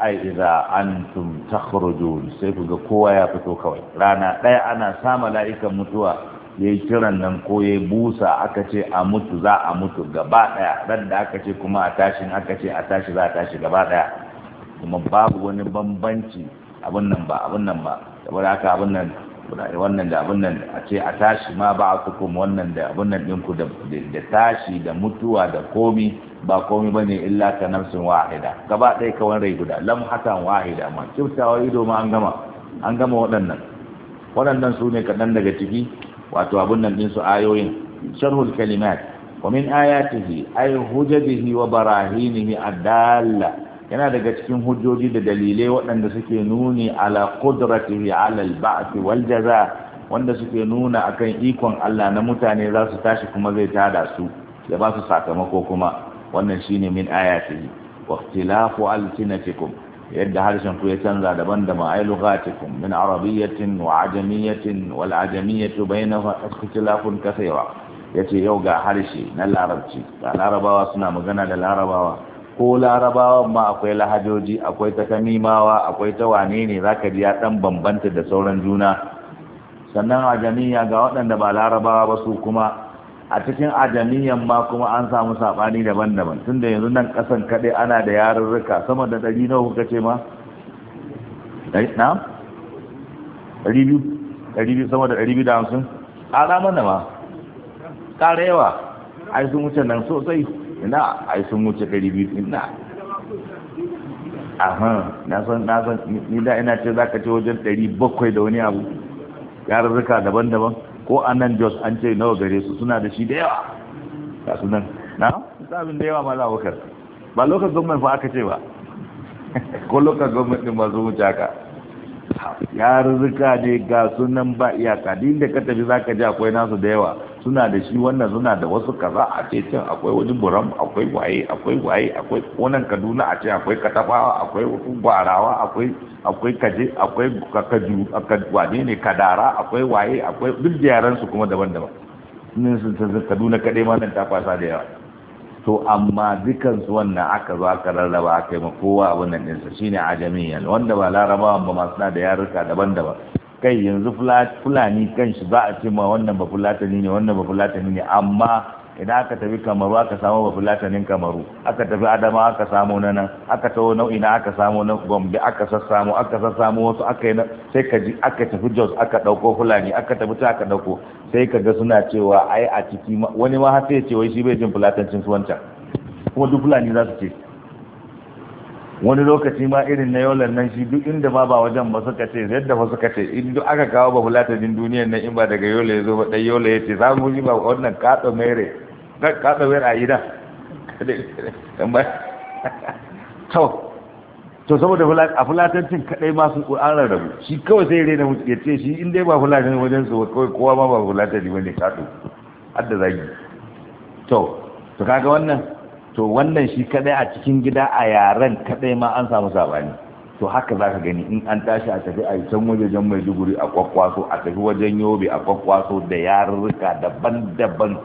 A: ai idza antum takhrujun sai ku ga kowa ya fito kawai rana ɗaya ana sa mala'ika mutuwa yayi kiran nan ko yayi busa aka ce a mutu za a mutu gaba ɗaya ran da aka ce kuma a tashin aka ce a tashi za a tashi gaba ɗaya kuma babu wani bambanci abin nan ba abin nan ba saboda haka abin nan wannan da abin nan a ce a tashi ma ba a kuma wannan da abin nan ɗinku da tashi da mutuwa da komi ba komi ba ne illa ka nafsin wahida gaba ɗaya kawan rai guda lam Hatan wahida ma kyautawa ido ma an gama an gama waɗannan waɗannan su ne kaɗan daga ciki wato abin nan ɗin su ayoyin sharhul kalimat wa min ayatihi ay hujajihi wa barahinihi adalla yana daga cikin hujjoji da dalilai waɗanda suke nuni ala qudratihi ala al wal jaza wanda suke nuna akan ikon Allah na mutane za su tashi kuma zai tada su ya ba su sakamako kuma wannan shine min ayatihi wa ikhtilafu alsinatikum yadda harshen ku ya canza daban da ma'ai lughatikum min arabiyyatin wa ajamiyyatin wal ajamiyyatu bainahuma ikhtilafun kaseera yace yau ga harshe na larabci ga larabawa suna magana da larabawa ko larabawan ma akwai lahajoji akwai ta kamimawa akwai ta wane ne za ka biya ɗan bambanta da sauran juna sannan ajamiya ga waɗanda ba larabawa ba su kuma a cikin ajamiyan ma kuma an samu saɓani daban-daban tun da yanzu nan ƙasan kaɗai ana da yarurruka sama da ɗari nawa kuka ce ma na ɗari biyu ɗari biyu sama da ɗari biyu da hamsin ƙara mana ma ƙara yawa ai sun wuce nan sosai ina yi sun wuce ɗari biyu ina aha na san na san ni da ina ce ka ce wajen ɗari bakwai da wani abu yarurruka daban-daban ko a nan jos an ce nawa gare su suna da shi da yawa ga su nan na sabin da yawa ma za wakar ba lokacin gwamnati fa aka ce ba ko lokacin gwamnati masu wuce haka ya rizika ne ga sunan ba iyaka din da ka tafi zaka ji akwai nasu da yawa suna da shi wannan suna da wasu kaza a ce can akwai wani buram akwai waye akwai waye akwai wannan kaduna a ce akwai katafawa akwai gwarawa akwai akwai kaje akwai kakaju wane ne kadara akwai waye akwai duk da su kuma daban-daban sun sun kaduna kadai ma nan ta kwasa da yawa to amma dukansu wannan aka zo aka rarraba aka yi kowa wannan ɗinsa shine ajamiyan wanda ba larabawan ba masu na da yaruka daban-daban kai yanzu fulani kanshi za a ce ma wannan ba fulatani ne wannan ba fulatani ne amma idan aka tafi kamaru aka samu bafulatanin kamaru aka tafi adama aka samu na nan aka taho nau'i na aka samu na gombe aka sassamu aka sassamu wasu aka yi sai ka ji aka tafi jos aka ɗauko fulani aka tafi ta aka ɗauko sai ka ga suna cewa ai a ciki wani ma har sai ce wai shi bai jin fulatancin su wancan kuma duk fulani za su ce wani lokaci ma irin na yolan nan shi duk inda ma ba wajen ba suka ce yadda fa suka ce in duk aka kawo ba fulatanin duniyar nan in ba daga yola ya zo ba dan yola ya ce za mu yi ba wannan katsa mere ka tsawai a gida to to saboda a fulatancin kadai masu an rabu shi kawai sai rena mutu ya ce shi inda ba fulatan wajen su kawai kowa ma ba fulatan ne wanda kaɗo hadda zagi to to kaga wannan to wannan shi kadai a cikin gida a yaren kadai ma an samu sabani to haka za ka gani in an tashi a tafi a can wajen mai duguri a kwakwaso a tafi wajen yobe a kwakwaso da yarurruka daban-daban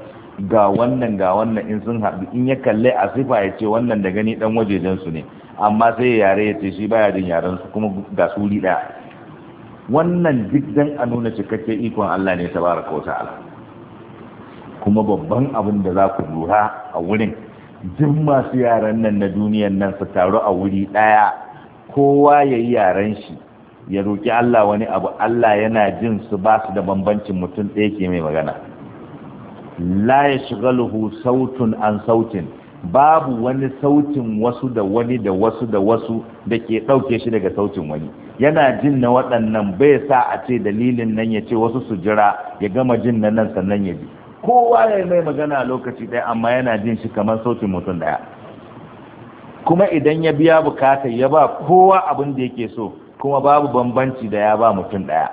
A: ga wannan ga wannan in sun haɗu in ya kalle a sifa ya ce wannan da gani dan wajejen su ne amma sai yare ya ce shi baya jin yaren su kuma ga su ɗaya. wannan duk dan a nuna cikakke ikon Allah ne tabaraka wa ta'ala kuma babban abin da za ku lura a wurin duk masu yaran nan na duniyan nan su taru a wuri ɗaya, kowa ya yi yaren shi ya roƙi Allah wani abu Allah yana jin su ba su da bambancin mutum ɗaya ke mai magana la yashghaluhu sautun an sautin babu wani sautin wasu da wani da wasu da wasu da ke ɗauke shi daga sautin wani yana jin na waɗannan bai sa a ce dalilin nan ya ce wasu su jira ya gama jin na nan sannan ya ji kowa ya mai magana a lokaci ɗaya amma yana jin shi kamar sautin mutum ɗaya kuma idan ya biya bukatar ya ba kowa abin da yake so kuma babu bambanci da ya ba mutum ɗaya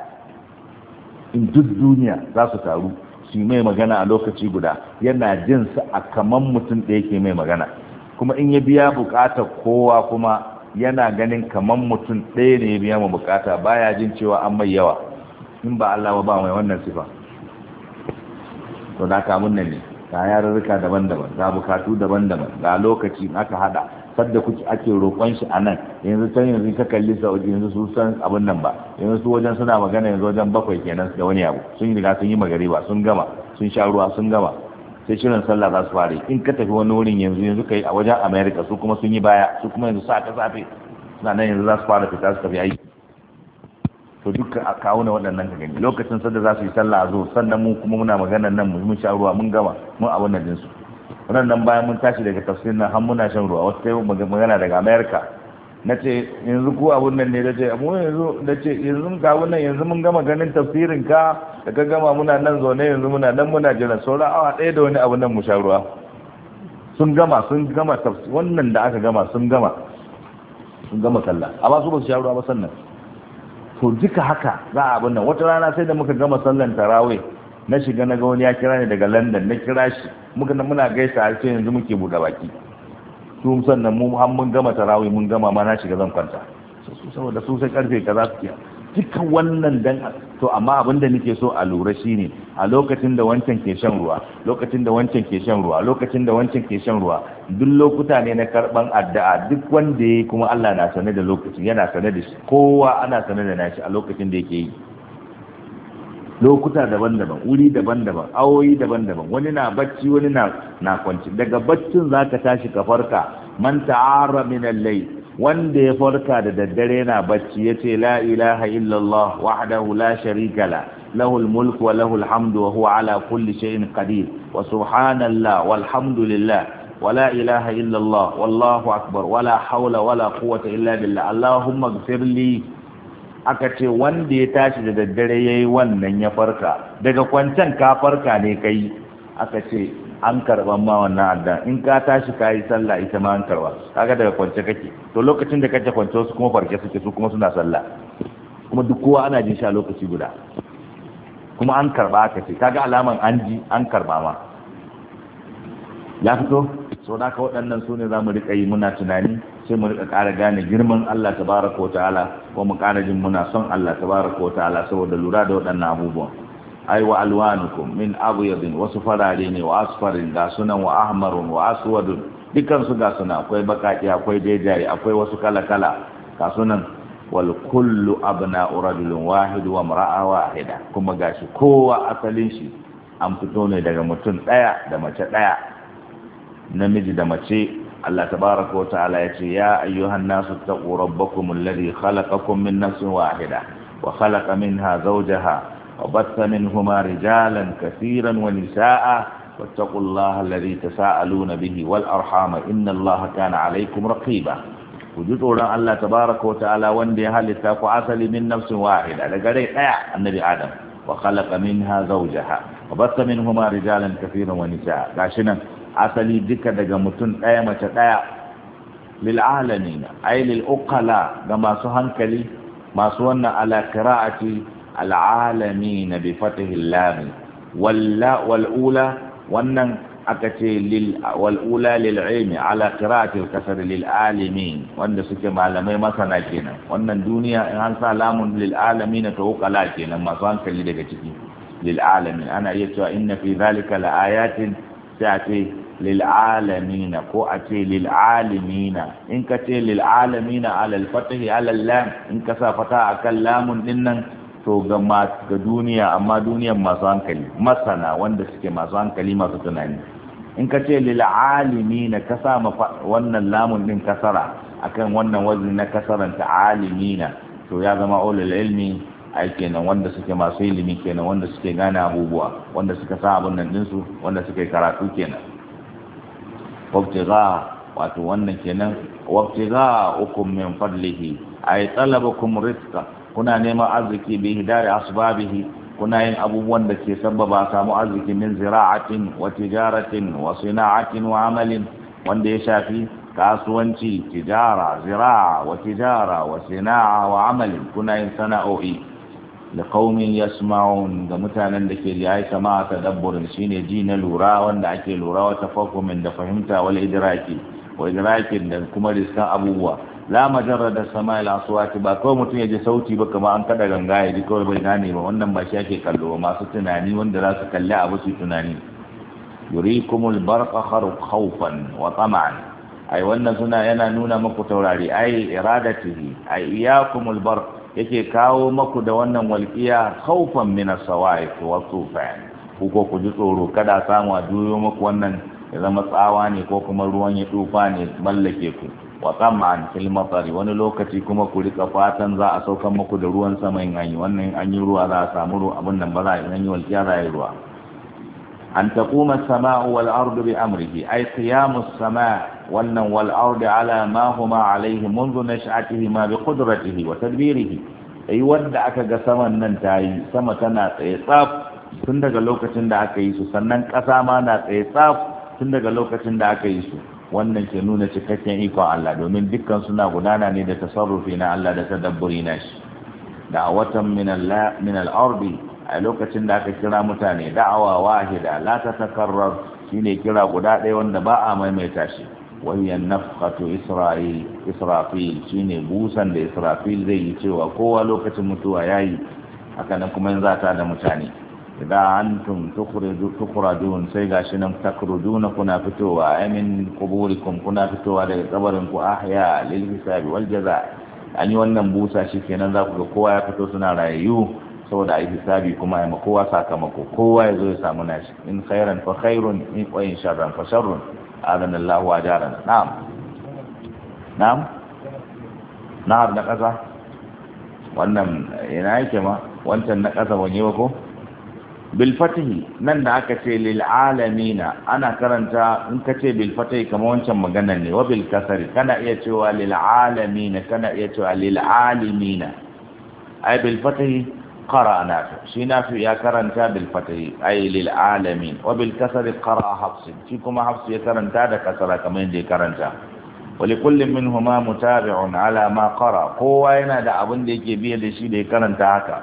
A: in duk duniya za su taru su mai magana a lokaci guda yana jin su a kaman mutum da yake mai magana kuma in ya biya bukatar kowa kuma yana ganin kaman mutum ɗaya ne ya biya mu bukata baya jin cewa an mai yawa in ba Allah ba mai wannan sifa to da kamun nan ne ga yarurruka daban-daban ga bukatu daban-daban ga lokaci aka hada sadda kuke ake roƙon shi a nan yanzu can yanzu ka kalli saudi yanzu su san abin nan ba yanzu su wajen suna magana yanzu wajen bakwai kenan da wani abu sun riga sun yi ba sun gama sun sha ruwa sun gama sai shirin sallah za su fara in ka tafi wani wurin yanzu yanzu kai a wajen america su kuma sun yi baya su kuma yanzu sa ka safe suna nan yanzu za su fara fita su tafi aiki to duka a kawo na waɗannan ka gani lokacin sadda za su yi sallah a zo sannan mu kuma muna maganar nan mun sha ruwa mun gama mun abin nan jinsu wannan nan bayan mun tashi daga tafsirin nan har muna shan ruwa wata yau magana daga america na ce yanzu ku abun nan ne da ce mu yanzu da ce yanzu ka abun nan yanzu mun gama ganin tafsirin ka da ka gama muna nan zaune yanzu muna nan muna jira saura awa ɗaya da wani abun nan mu sha ruwa sun gama sun gama tafsir wannan da aka gama sun gama sun gama sallah amma su ba su sha ruwa ba sannan to duka haka za a abun nan wata rana sai da muka gama sallan tarawih na shiga na ga wani ya kira ni daga london na kira shi muka na muna gaisa har sai yanzu muke buɗe baki su sannan mu har mun gama tarawih mun gama ma na shiga zan kwanta su saboda su sai karfe za su kiya dukkan wannan dan to amma abin da nake so a lura shine a lokacin da wancan ke shan ruwa lokacin da wancan ke shan ruwa lokacin da wancan ke shan ruwa duk lokuta ne na karban addu'a duk wanda yayi kuma Allah na sane da lokacin yana sane da shi kowa ana sane da nashi a lokacin da yake yi lokuta daban-daban wuri daban-daban awoyi daban-daban wani na bacci wani na na kwanci daga baccin zaka tashi ka farka man ta'ara min al-layl wanda ya farka da daddare yana bacci yace la ilaha illallah wahdahu la sharika la lahul mulk wa lahul hamdu wa huwa ala kulli shay'in qadir wa subhanallah walhamdulillah ولا إله إلا الله والله أكبر ولا حول ولا قوة إلا بالله اللهم اغفر لي aka ce wanda ya tashi da daddare ya yi wannan ya farka daga kwancan ka farka ne ka yi aka ce an karɓar ma wannan addan in ka tashi ka yi sallah ita ma an karba kaga daga kwance kake to lokacin da kake kwance su kuma farke suke su kuma suna sallah kuma duk kowa ana jin sha lokaci guda kuma an karɓa aka ce kaga alaman an ji an karɓa ma ya fito so da ka waɗannan su ne za mu riƙa yi muna tunani sai mu rika kara gane girman Allah tabaraka wataala ko mu kara jin muna son Allah tabaraka wataala saboda lura da waɗannan abubuwan ai wa alwanukum min abyadin wasu farare ne wa asfarin da sunan wa ahmarun wa aswadun dukkan su ga suna akwai bakaki akwai jejaye akwai wasu kala kala ga sunan wal kullu abna rajulun wahid wa mar'a wahida kuma gashi kowa asalin shi an fito ne daga mutum daya da mace daya namiji da mace Allah tabaraka wa ta'ala ya ayyuhan nasu taqu rabbakum alladhi min nafsin wahida wa khalaqa minha zawjaha wa batha minhumā rijālan katīran wa nisā'a wattaqullaha alladhī tasā'alūna bihi wal arḥāma innallāha kāna 'alaykum raqībā wujudu ran Allah tabaraka wa wanda ya halitta ku asali min nafsin wahida daga dai daya annabi adam wa khalaqa minha zawjaha wa batha minhumā gashinan asali duka daga mutum ɗaya mace ɗaya lil'alamina ai lil'ukala ga masu hankali masu wannan ala qira'ati al'alamina bi fatihil lam walla wal'ula wannan aka ce wal'ula lil ilmi ala qira'ati al-kasr wanda suke malamai masana kenan wannan duniya in an sa lamun lil na ta ukala kenan masu hankali daga ciki lil'alami ana iya cewa inna fi zalika la'ayatin ayatin sai a ce lil'alamina ko a ce lil'alimina in ka ce lil'alamina alal fatahi alal lam in ka sa fata a kan lamun din nan to ga duniya amma duniyan masu hankali masana wanda suke masu hankali masu tunani in ka ce lil'alimina ka sa wannan lamun din kasara akan wannan wazni na kasaranta alimina to ya zama ulul ilmi ai kenan wanda suke masu ilimi kenan wanda suke gane abubuwa wanda suka sa abin nan dinsu wanda suke karatu kenan wabtiga wato wannan kenan wabtiga ukum min fadlihi ai talabakum rizqa kuna neman arziki bi hidari asbabihi kuna yin abubuwan da ke sababa samu arziki min zira'atin wa tijaratin wa sina'atin wa amalin wanda ya shafi kasuwanci tijara zira'a wa tijara wa sina'a wa amalin kuna yin sana'o'i da kaumin yasma'un ga mutanen da ke yayi sama ta dabburin shine ji na lura wanda ake lura wata fakumin da fahimta wal idraki wa idrakin da kuma riskan abubuwa la majarra da sama ila aswati ba kawai mutum ya ji sauti ba kamar an kada ganga ya ji kawai bai gane ba wannan ba shi ake kallo ba masu tunani wanda za su kalli abu su tunani yurikumul barqa khawfan wa tama'an ai wannan suna yana nuna muku taurari ai iradatihi ai iyakumul barq yake kawo maku da wannan walƙiya haufan mina sawaye wa tufan ko ku ji tsoro kada samu a juyo maku wannan ya zama tsawa ne ko kuma ruwan ya tufa ne mallake ku wa tsamman fil wani lokaci kuma ku rika fatan za a saukan maku da ruwan sama in wannan an yi ruwa za a samu abin nan ba za a yi walƙiya za a yi ruwa an taquma as-sama'u wal ardu bi amrihi ay qiyamu as wannan wal ardu ala ma huma alayhi منذ nash'atihima bi qudratihi wa tadbirihi yi wanda aka ga saman nan ta yi sama tana tsaye tsaf tun daga lokacin da aka yi su sannan ƙasa ma na tsaye tsaf tun daga lokacin da aka yi su wannan ke nuna cikakken ikon Allah domin dukkan suna gudana ne da tasarrufi na Allah da tadabburi na shi da watan min al-ardi a lokacin da aka kira mutane da'awa wahida la tatakarrar shine kira guda ɗaya wanda ba a maimaita shi wayan nafqatu isra'il israfil shine busan da israfil zai yi cewa kowa lokacin mutuwa yayi haka nan kuma yanzu ta da mutane idan antum tukhridu tukhradun sai gashi nan takruduna kuna fitowa amin kuburikum kuna fitowa daga kabarin ku ahya lil hisabi wal jaza an yi wannan busa shi kenan za ku ga kowa ya fito suna rayu. saboda ai sabi kuma ya kowa sakamako kowa ya zo ya samu nashi in khairan fa khairun in wa in sharran fa sharrun adana Allahu ajarana na'am na'am na'am na kaza wannan ina yake ma wancan na kaza wani ba ko bil fatihi nan da aka ce lil alamina ana karanta in ka ce bil fatihi kamar wancan maganar ne wa bil kasari kana iya cewa lil alamina kana iya cewa lil alimina ai bil fatihi قرأ نافع شي نافع يا كرنتا بالفتح أي للعالمين وبالكسر قرأ حفص فيكما حفص يا كرنتا دا كسر كمان دي كرنتا ولكل منهما متابع على ما قرأ قوة ينا دا أبن دي كبير دي شي دي كرنتا هكا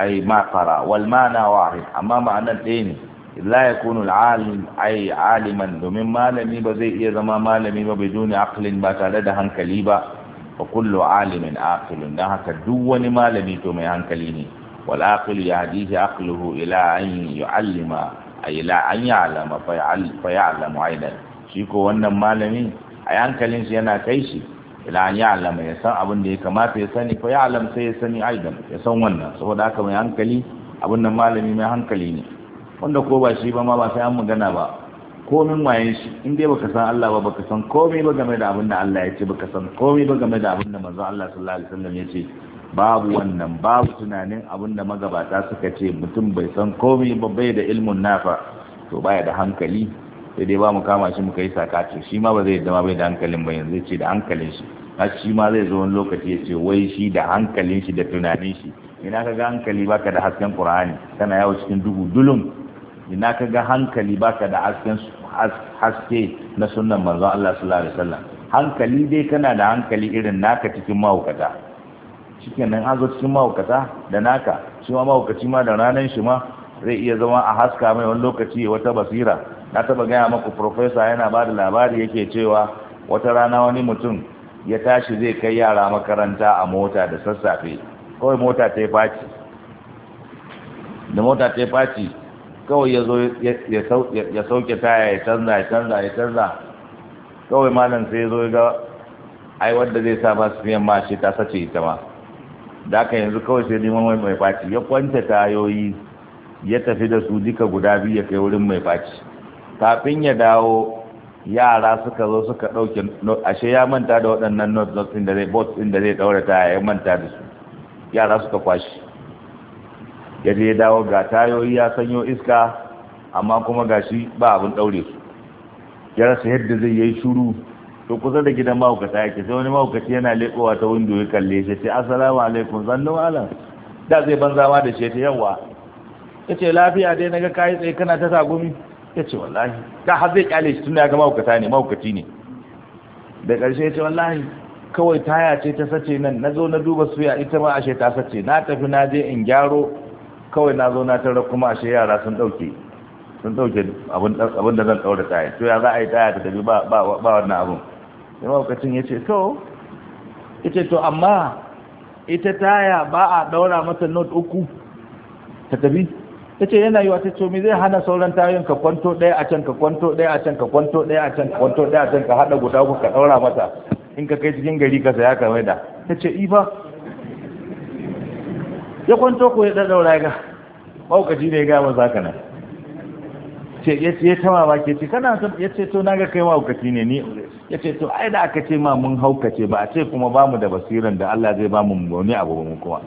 A: أي ما قرأ والمعنى واحد أما معنى الثاني لا يكون العالم أي عالما ومن مالمي بزي إذا ما مالمي بدون عقل باتالد هنكليبا fa kullu alimin aqilun dan haka duk wani malami to mai hankali ne wal aqil yahdihi aqluhu ila an yu'allima ay ila an ya'lama fa ya'lamu aidan shi ko wannan malami a hankalin shi yana kai shi ila an ya'lama ya san abin da ya kamata ya sani fa ya'lam sai ya sani aidan ya san wannan saboda haka mai hankali abin nan malami mai hankali ne wanda ko ba shi ba ma ba sai an magana ba komin wayen shi in dai baka san Allah ba baka san komai ba game da abin da Allah ya ce baka san komai ba game da abin da manzon Allah sallallahu alaihi wasallam ya ce babu wannan babu tunanin abin da magabata suka ce mutum bai san komai ba bai da ilmin nafa to baya da hankali sai dai ba mu kama shi muka yi sakace shi ma ba zai yadda bai da hankalin ba yanzu ce da hankalin shi har shi ma zai zo wani lokaci ya ce wai shi da hankalin shi da tunanin shi ina ka ga hankali baka da hasken qur'ani kana yawo cikin duhu dulum ina ka ga hankali baka da hasken haske na sunnan manzon Allah sallallahu alaihi wasallam hankali dai kana da hankali irin naka cikin mahaukata Cikin an zo cikin mahaukata da naka shi ma mahaukaci ma da ranar shi ma zai iya zama a haska mai wani lokaci wata basira na taba gaya maku profesa yana ba da labari yake cewa wata rana wani mutum ya tashi zai kai yara makaranta a mota da sassafe kawai mota ta yi faci da mota ta yi faci kawai ya zo ya sauke taya ya canza ya canza ya canza kawai malam sai ya zo ga ai wadda zai sa ba su fiye ma shi ta sace ita ma da aka yanzu kawai sai neman mai mai faci ya kwanta tayoyi ya tafi da su duka guda biyu ya kai wurin mai faci kafin ya dawo yara suka zo suka ɗauke ashe ya manta da waɗannan not ɗin da zai bot ɗin da zai daura ta ya manta da su yara suka kwashi ya je ya dawo ga tayoyi ya sanyo iska amma kuma gashi ba abin ɗaure su ya rasa yadda zai yi shuru to kusa da gidan mahaukata yake sai wani mahaukaci yana leƙowa ta windo ya kalle shi sai assalamu alaikum zannu ala da zai banza ma da shi ta yawa ya ce lafiya dai naga kai kayi tsaye kana ta tagumi ya ce wallahi ta har zai kyale shi tun ya ga mahaukata ne mahaukaci ne da ƙarshe ya ce wallahi kawai taya ce ta sace nan na zo na duba suya ita ma ashe ta sace na tafi na je in gyaro kawai na zo na tara kuma ashe yara sun ɗauke sun dauke abin da zan ɗaura taya to ya za a yi taya ta tafi ba wannan abin sai mahaukacin ya ce to ita to amma ita taya ba a daura mata not uku ta tafi ta ce yana yi wata to me zai hana sauran tayoyin ka kwanto ɗaya a can ka kwanto ɗaya a can ka kwanto ɗaya a can ka kwanto ɗaya a can ka haɗa guda uku ka daura mata in ka kai cikin gari ka saya ka maida ta ce ifa ya kwanto ko ya ɗaɗɗaura ga maukaci ne ya maza kana nan ce ya ce ya ta ke ce kana ya ce to na ga kai maukaci ne ni ya ce to ai da aka ce ma mun haukace ba a ce kuma ba mu da basiran da Allah zai ba mu wani abu mu kuma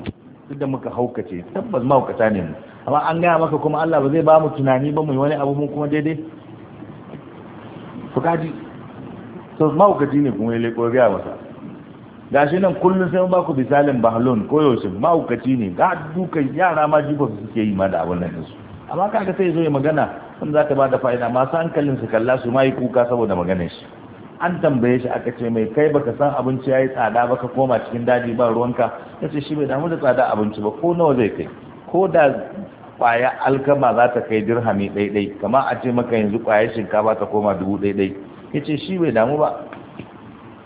A: duk da muka haukace tabbas mahaukata ne mu amma an gaya maka kuma Allah ba zai ba mu tunani ba mu yi wani abu mu kuma daidai to kaji to mahaukaci ne kuma ya leko gaya masa gashi nan kullum sai ba ku misalin bahalon ko yaushe mahaukaci ne ga dukan yara ma su suke yi ma da abin nan su amma kaga sai zo ya magana sun za ta ba da fa'ida masu hankalin su kalla su ma yi kuka saboda maganar shi an tambaye shi aka ce mai kai baka san abinci yayi tsada ba ka koma cikin daji ba ruwanka kace shi bai damu da tsada abinci ba ko nawa zai kai ko da kwaya alkama za ta kai dirhami ɗaiɗai kama a ce maka yanzu kwaya shinkafa ta koma dubu ɗaiɗai ce shi bai damu ba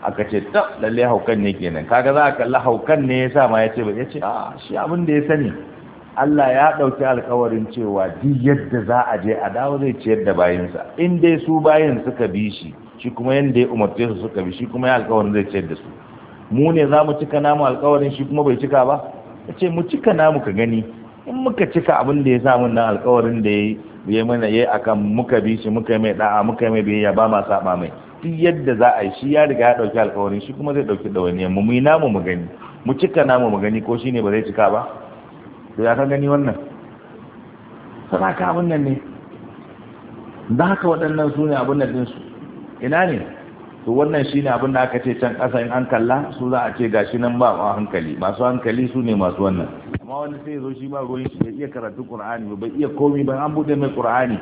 A: aka ce ta lalle haukan ne kenan kaga za a kalla haukan ne ya sa ma ya ce ba ya ce a shi abin da ya sani Allah ya ɗauki alkawarin cewa duk yadda za a je a dawo zai ciyar da bayansa in dai su bayan suka bi shi shi kuma yanda ya umarce su suka bi shi kuma ya alkawarin zai ciyar da su mu ne za mu cika namu alkawarin shi kuma bai cika ba ya ce mu cika namu ka gani in muka cika abin da ya sa mun nan alkawarin da ya yi mana ya akan muka bi shi muka mai da'a muka mai biyayya ba ma saba mai duk yadda za a yi shi ya riga ya dauki alkawarin shi kuma zai dauki dawaniya mu mu namu mu gani mu cika namu mu gani ko shine ba zai cika ba to ya ka gani wannan sadaka abin nan ne da haka waɗannan su ne abin nan ɗinsu ina ne to wannan shine abin da aka ce can ƙasa in an kalla su za a ce gashi nan ba a hankali masu hankali su ne masu wannan amma wani sai zo shi ba ruwan shi bai iya karatu qur'ani ba bai iya komi ba an bude mai qur'ani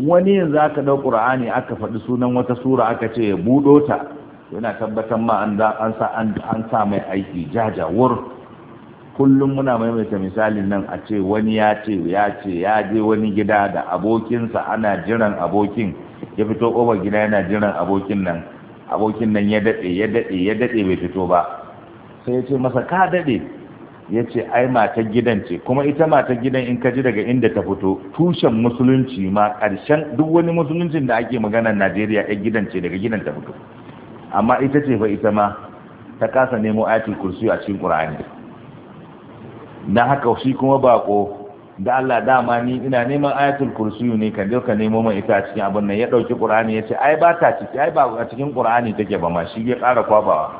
A: wani yanzu aka dau qur'ani aka faɗi sunan wata sura aka ce ya budo ta yana tabbatar ma an sa an sa mai aiki jajawur kullum muna maimaita misalin nan a ce wani ya ce ya ce ya je wani gida da abokinsa ana jiran abokin ya fito kofar gida yana jiran abokin nan abokin nan ya daɗe ya daɗe ya daɗe bai fito ba sai ya ce masa ka daɗe ya ce ai matar gidan ce kuma ita matar gidan in ka ji daga inda ta fito tushen musulunci ma ƙarshen duk wani musuluncin da ake magana najeriya ya gidan ce daga gidan ta fito amma ita ce fa ita ma ta kasa nemo ayatul kursi a cikin qur'ani dan haka shi kuma bako da Allah dama ni ina neman ayatul kursiyu ne kan dauka nemo mai ita cikin abin nan ya dauki qur'ani ya ce ai ba ta ciki ai ba a cikin qur'ani take ba ma shi ya ƙara kwabawa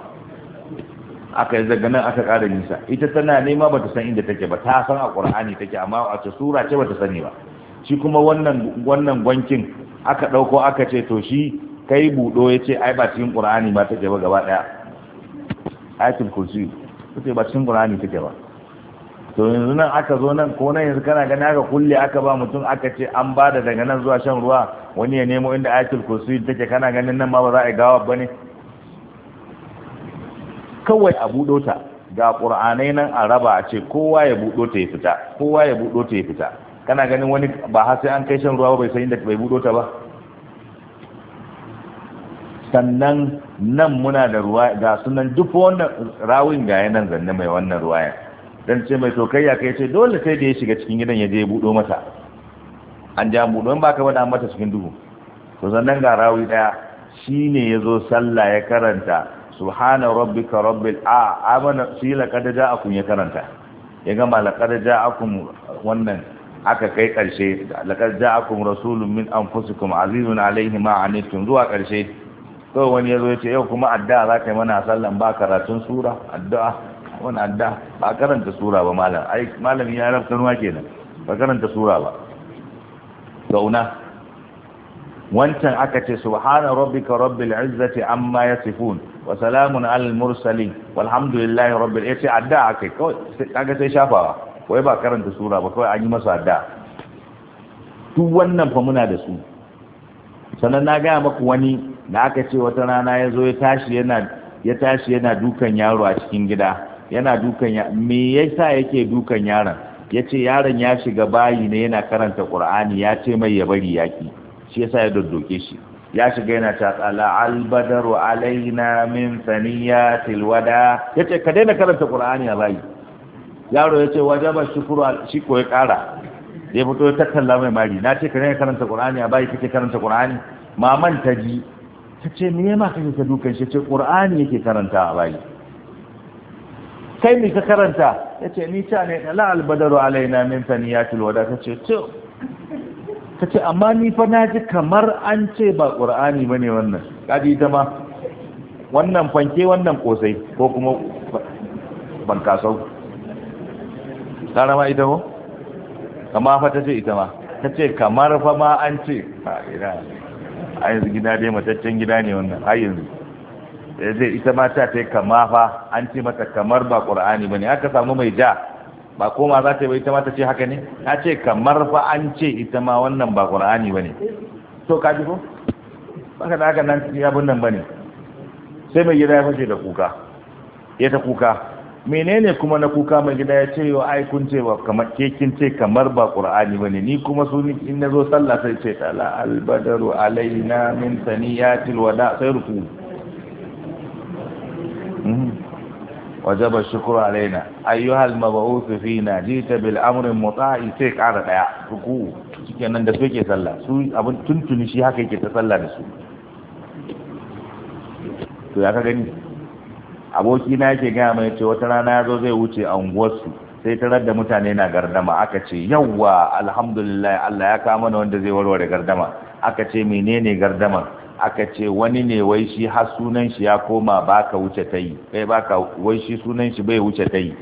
A: aka yi nan aka ƙara nisa ita tana nema bata san inda take ba ta san a qur'ani take amma a ta sura ce bata sani ba shi kuma wannan wannan gwankin aka dauko aka ce to shi kai budo ya ce ai ba cikin qur'ani ba take ba gaba daya ayatul kursiyu ba cikin qur'ani take ba to yanzu nan aka zo nan ko nan yanzu kana gani aka kulle aka ba mutum aka ce an ba da daga nan zuwa shan ruwa wani ya nemo inda ayatul kursi take kana ganin nan ma ba za a gawa ba ne kawai a buɗo ta ga ƙur'anai nan a raba a ce kowa ya buɗo ta ya fita kowa ya buɗo ta ya fita kana ganin wani ba har sai an kai shan ruwa bai san inda bai buɗo ta ba sannan nan muna da ruwa ga sunan duk wannan rawin ga nan zanne mai wannan ruwayan dan ce mai tokayya kai ce dole sai da ya shiga cikin gidan ya je ya budo mata an ja budo in baka wada mata cikin duhu to sannan ga rawi daya shine yazo sallah ya karanta subhana rabbika rabbil a amana shi ja akun ya karanta ya gama ja akun wannan aka kai karshe laqad ja'akum rasulun min anfusikum azizun alayhi ma anitum zuwa karshe to wani yazo ya ce yau kuma addu'a za ka yi mana sallan ba karatun sura addu'a wani adda ba karanta sura ba malam ai malam ya rafta nuwa nan ba karanta sura ba gauna wancan aka ce subhana rabbika rabbil izzati amma yasifun wa salamun alal mursalin walhamdulillahi rabbil ce adda akai kawai kaga sai shafawa wai ba karanta sura ba kawai an yi masa adda duk wannan fa muna da su sannan na gaya maku wani da aka ce wata rana ya zo ya tashi yana ya tashi yana dukan yaro a cikin gida yana dukan me yasa yake dukan yaron yace yaron ya shiga bayi ne yana karanta qur'ani ya ce mai ya bari yaki shi yasa ya doddoke shi ya shiga yana ta tsala albadaru alaina min tilwada. wada yace ka daina karanta qur'ani a bayi yaro yace wajaba shukuru shi ko ya kara ya fito ta kalla mai mari na ce ka daina karanta qur'ani a bayi kake karanta qur'ani maman ta ji ta ce me ma kake ta dukan shi ce qur'ani yake karanta a bayi kai ne ka karanta ya ce ni ta ne ɗala albadaru alaina min faniyatul wada ka ce to ka ce amma ni fa na ji kamar an ce ba ƙur'ani ba ne wannan ƙadi ta ma wannan fanke wannan ƙosai ko kuma ban kasau ma ita ko kama fa ta ce ita ma ta ce kamar fa ma an ce a yanzu gida dai mataccen gida ne wannan har yanzu zai ita ma ta yi kama fa an ce mata kamar ba ba ne aka samu mai ja ba koma za ta yi ita ma ta ce haka ne ta ce kamar fa an ce ita ma wannan ba ba ne to ka ji ko baka da haka nan abun nan ne sai mai gida ya fashe da kuka ya ta kuka menene kuma na kuka mai gida ya ce yau ai kun ce kamar ke kin ce kamar ba ba ne ni kuma su ni in zo sallah sai ce tala albadaru alaina min saniyatil wada sai ruku وجب الشكر علينا أيها المبعوث jita bil amri muta'i sai ƙara ɗaya ruku nan da su ke sallah su abin tuntuni shi haka yake ta sallah da su to ya ka gani aboki na yake gaya mai ce wata rana ya zo zai wuce a unguwarsu sai tarar da mutane na gardama aka ce yawwa alhamdulillah Allah ya kama mana wanda zai warware gardama aka ce menene gardamar aka ce wani ne wai shi har sunan shi ya koma baka wuce ta yi kai baka wai shi sunan shi bai wuce ta yi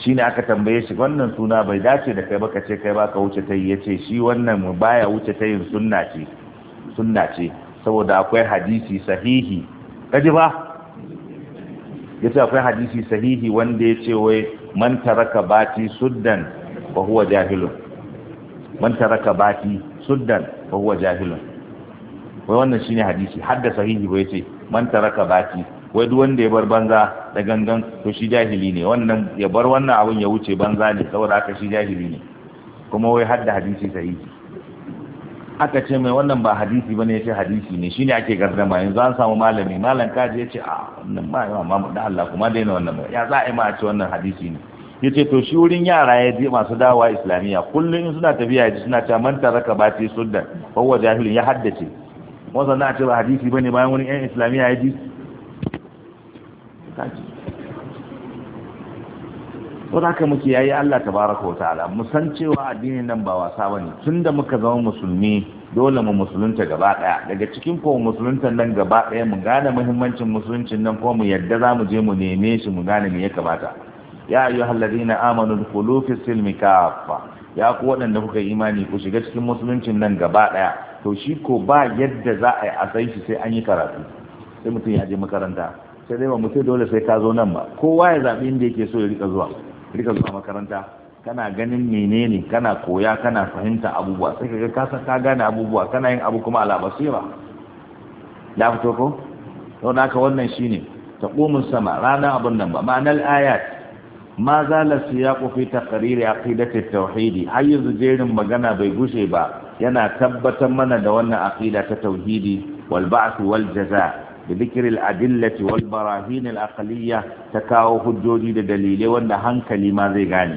A: shi ne aka tambaye shi wannan suna bai dace da kai baka ce kai baka wuce ta yi ya ce shi wannan baya wuce ta yin sunna ce sunna ce saboda akwai hadisi sahihi kaji ba ya ce akwai hadisi sahihi wanda ya ce wai man taraka bati suddan ba huwa jahilun man taraka bati suddan fa huwa jahilun wai wannan shine hadisi hadda sahihi bai ce man taraka baki wai duk wanda ya bar banza da gangan to shi jahili ne wannan ya bar wannan abun ya wuce banza ne saboda aka shi jahili ne kuma wai hadda hadisi sahihi aka ce mai wannan ba hadisi bane ya ce hadisi ne shine ake gardama yanzu an samu malami malam kaji ce a wannan ba ya mamu da Allah kuma daina wannan ya za a yi ma a ce wannan hadisi ne ya ce to shi wurin yara ya je masu dawowa islamiyya kullum suna tafiya ya ji suna ta man taraka ba ce wa wawa jahilin ya haddace wanzan na ce ba hadisi ba ne bayan wani 'yan islamiyya ya ji wadda haka muke yayi Allah ta wa ta'ala mu san cewa addinin nan ba wasa ba tun da muka zama musulmi dole mu musulunta gaba daya daga cikin ko musulunta nan gaba daya mu gane muhimmancin musuluncin nan ko mu yadda za mu je mu neme shi mu gane me ya kamata ya ayyuhal Halladina amanu dkhulu fi silmi kafa ya ku waɗanda kuka imani ku shiga cikin musuluncin nan gaba daya to shi ko ba yadda za a yi a san shi sai an yi karatu sai mutum ya je makaranta sai dai ba mutum dole sai ka zo nan ba kowa ya zaɓi inda yake so ya rika zuwa rika zuwa makaranta kana ganin menene kana koya kana fahimta abubuwa sai kaga ka san ka gane abubuwa kana yin abu kuma sai ba ya fito ko don haka wannan shine qumun sama rana abun nan ba ma'anar ayat ma zala siyaqu fi taqrir aqidati at-tauhid har yanzu jerin magana bai gushe ba yana tabbatar mana da wannan aqida ta tauhidi wal ba'th wal jaza da zikirin adillati wal barahin al aqliyya ta kawo hujjoji da dalilai wanda hankali ma zai gane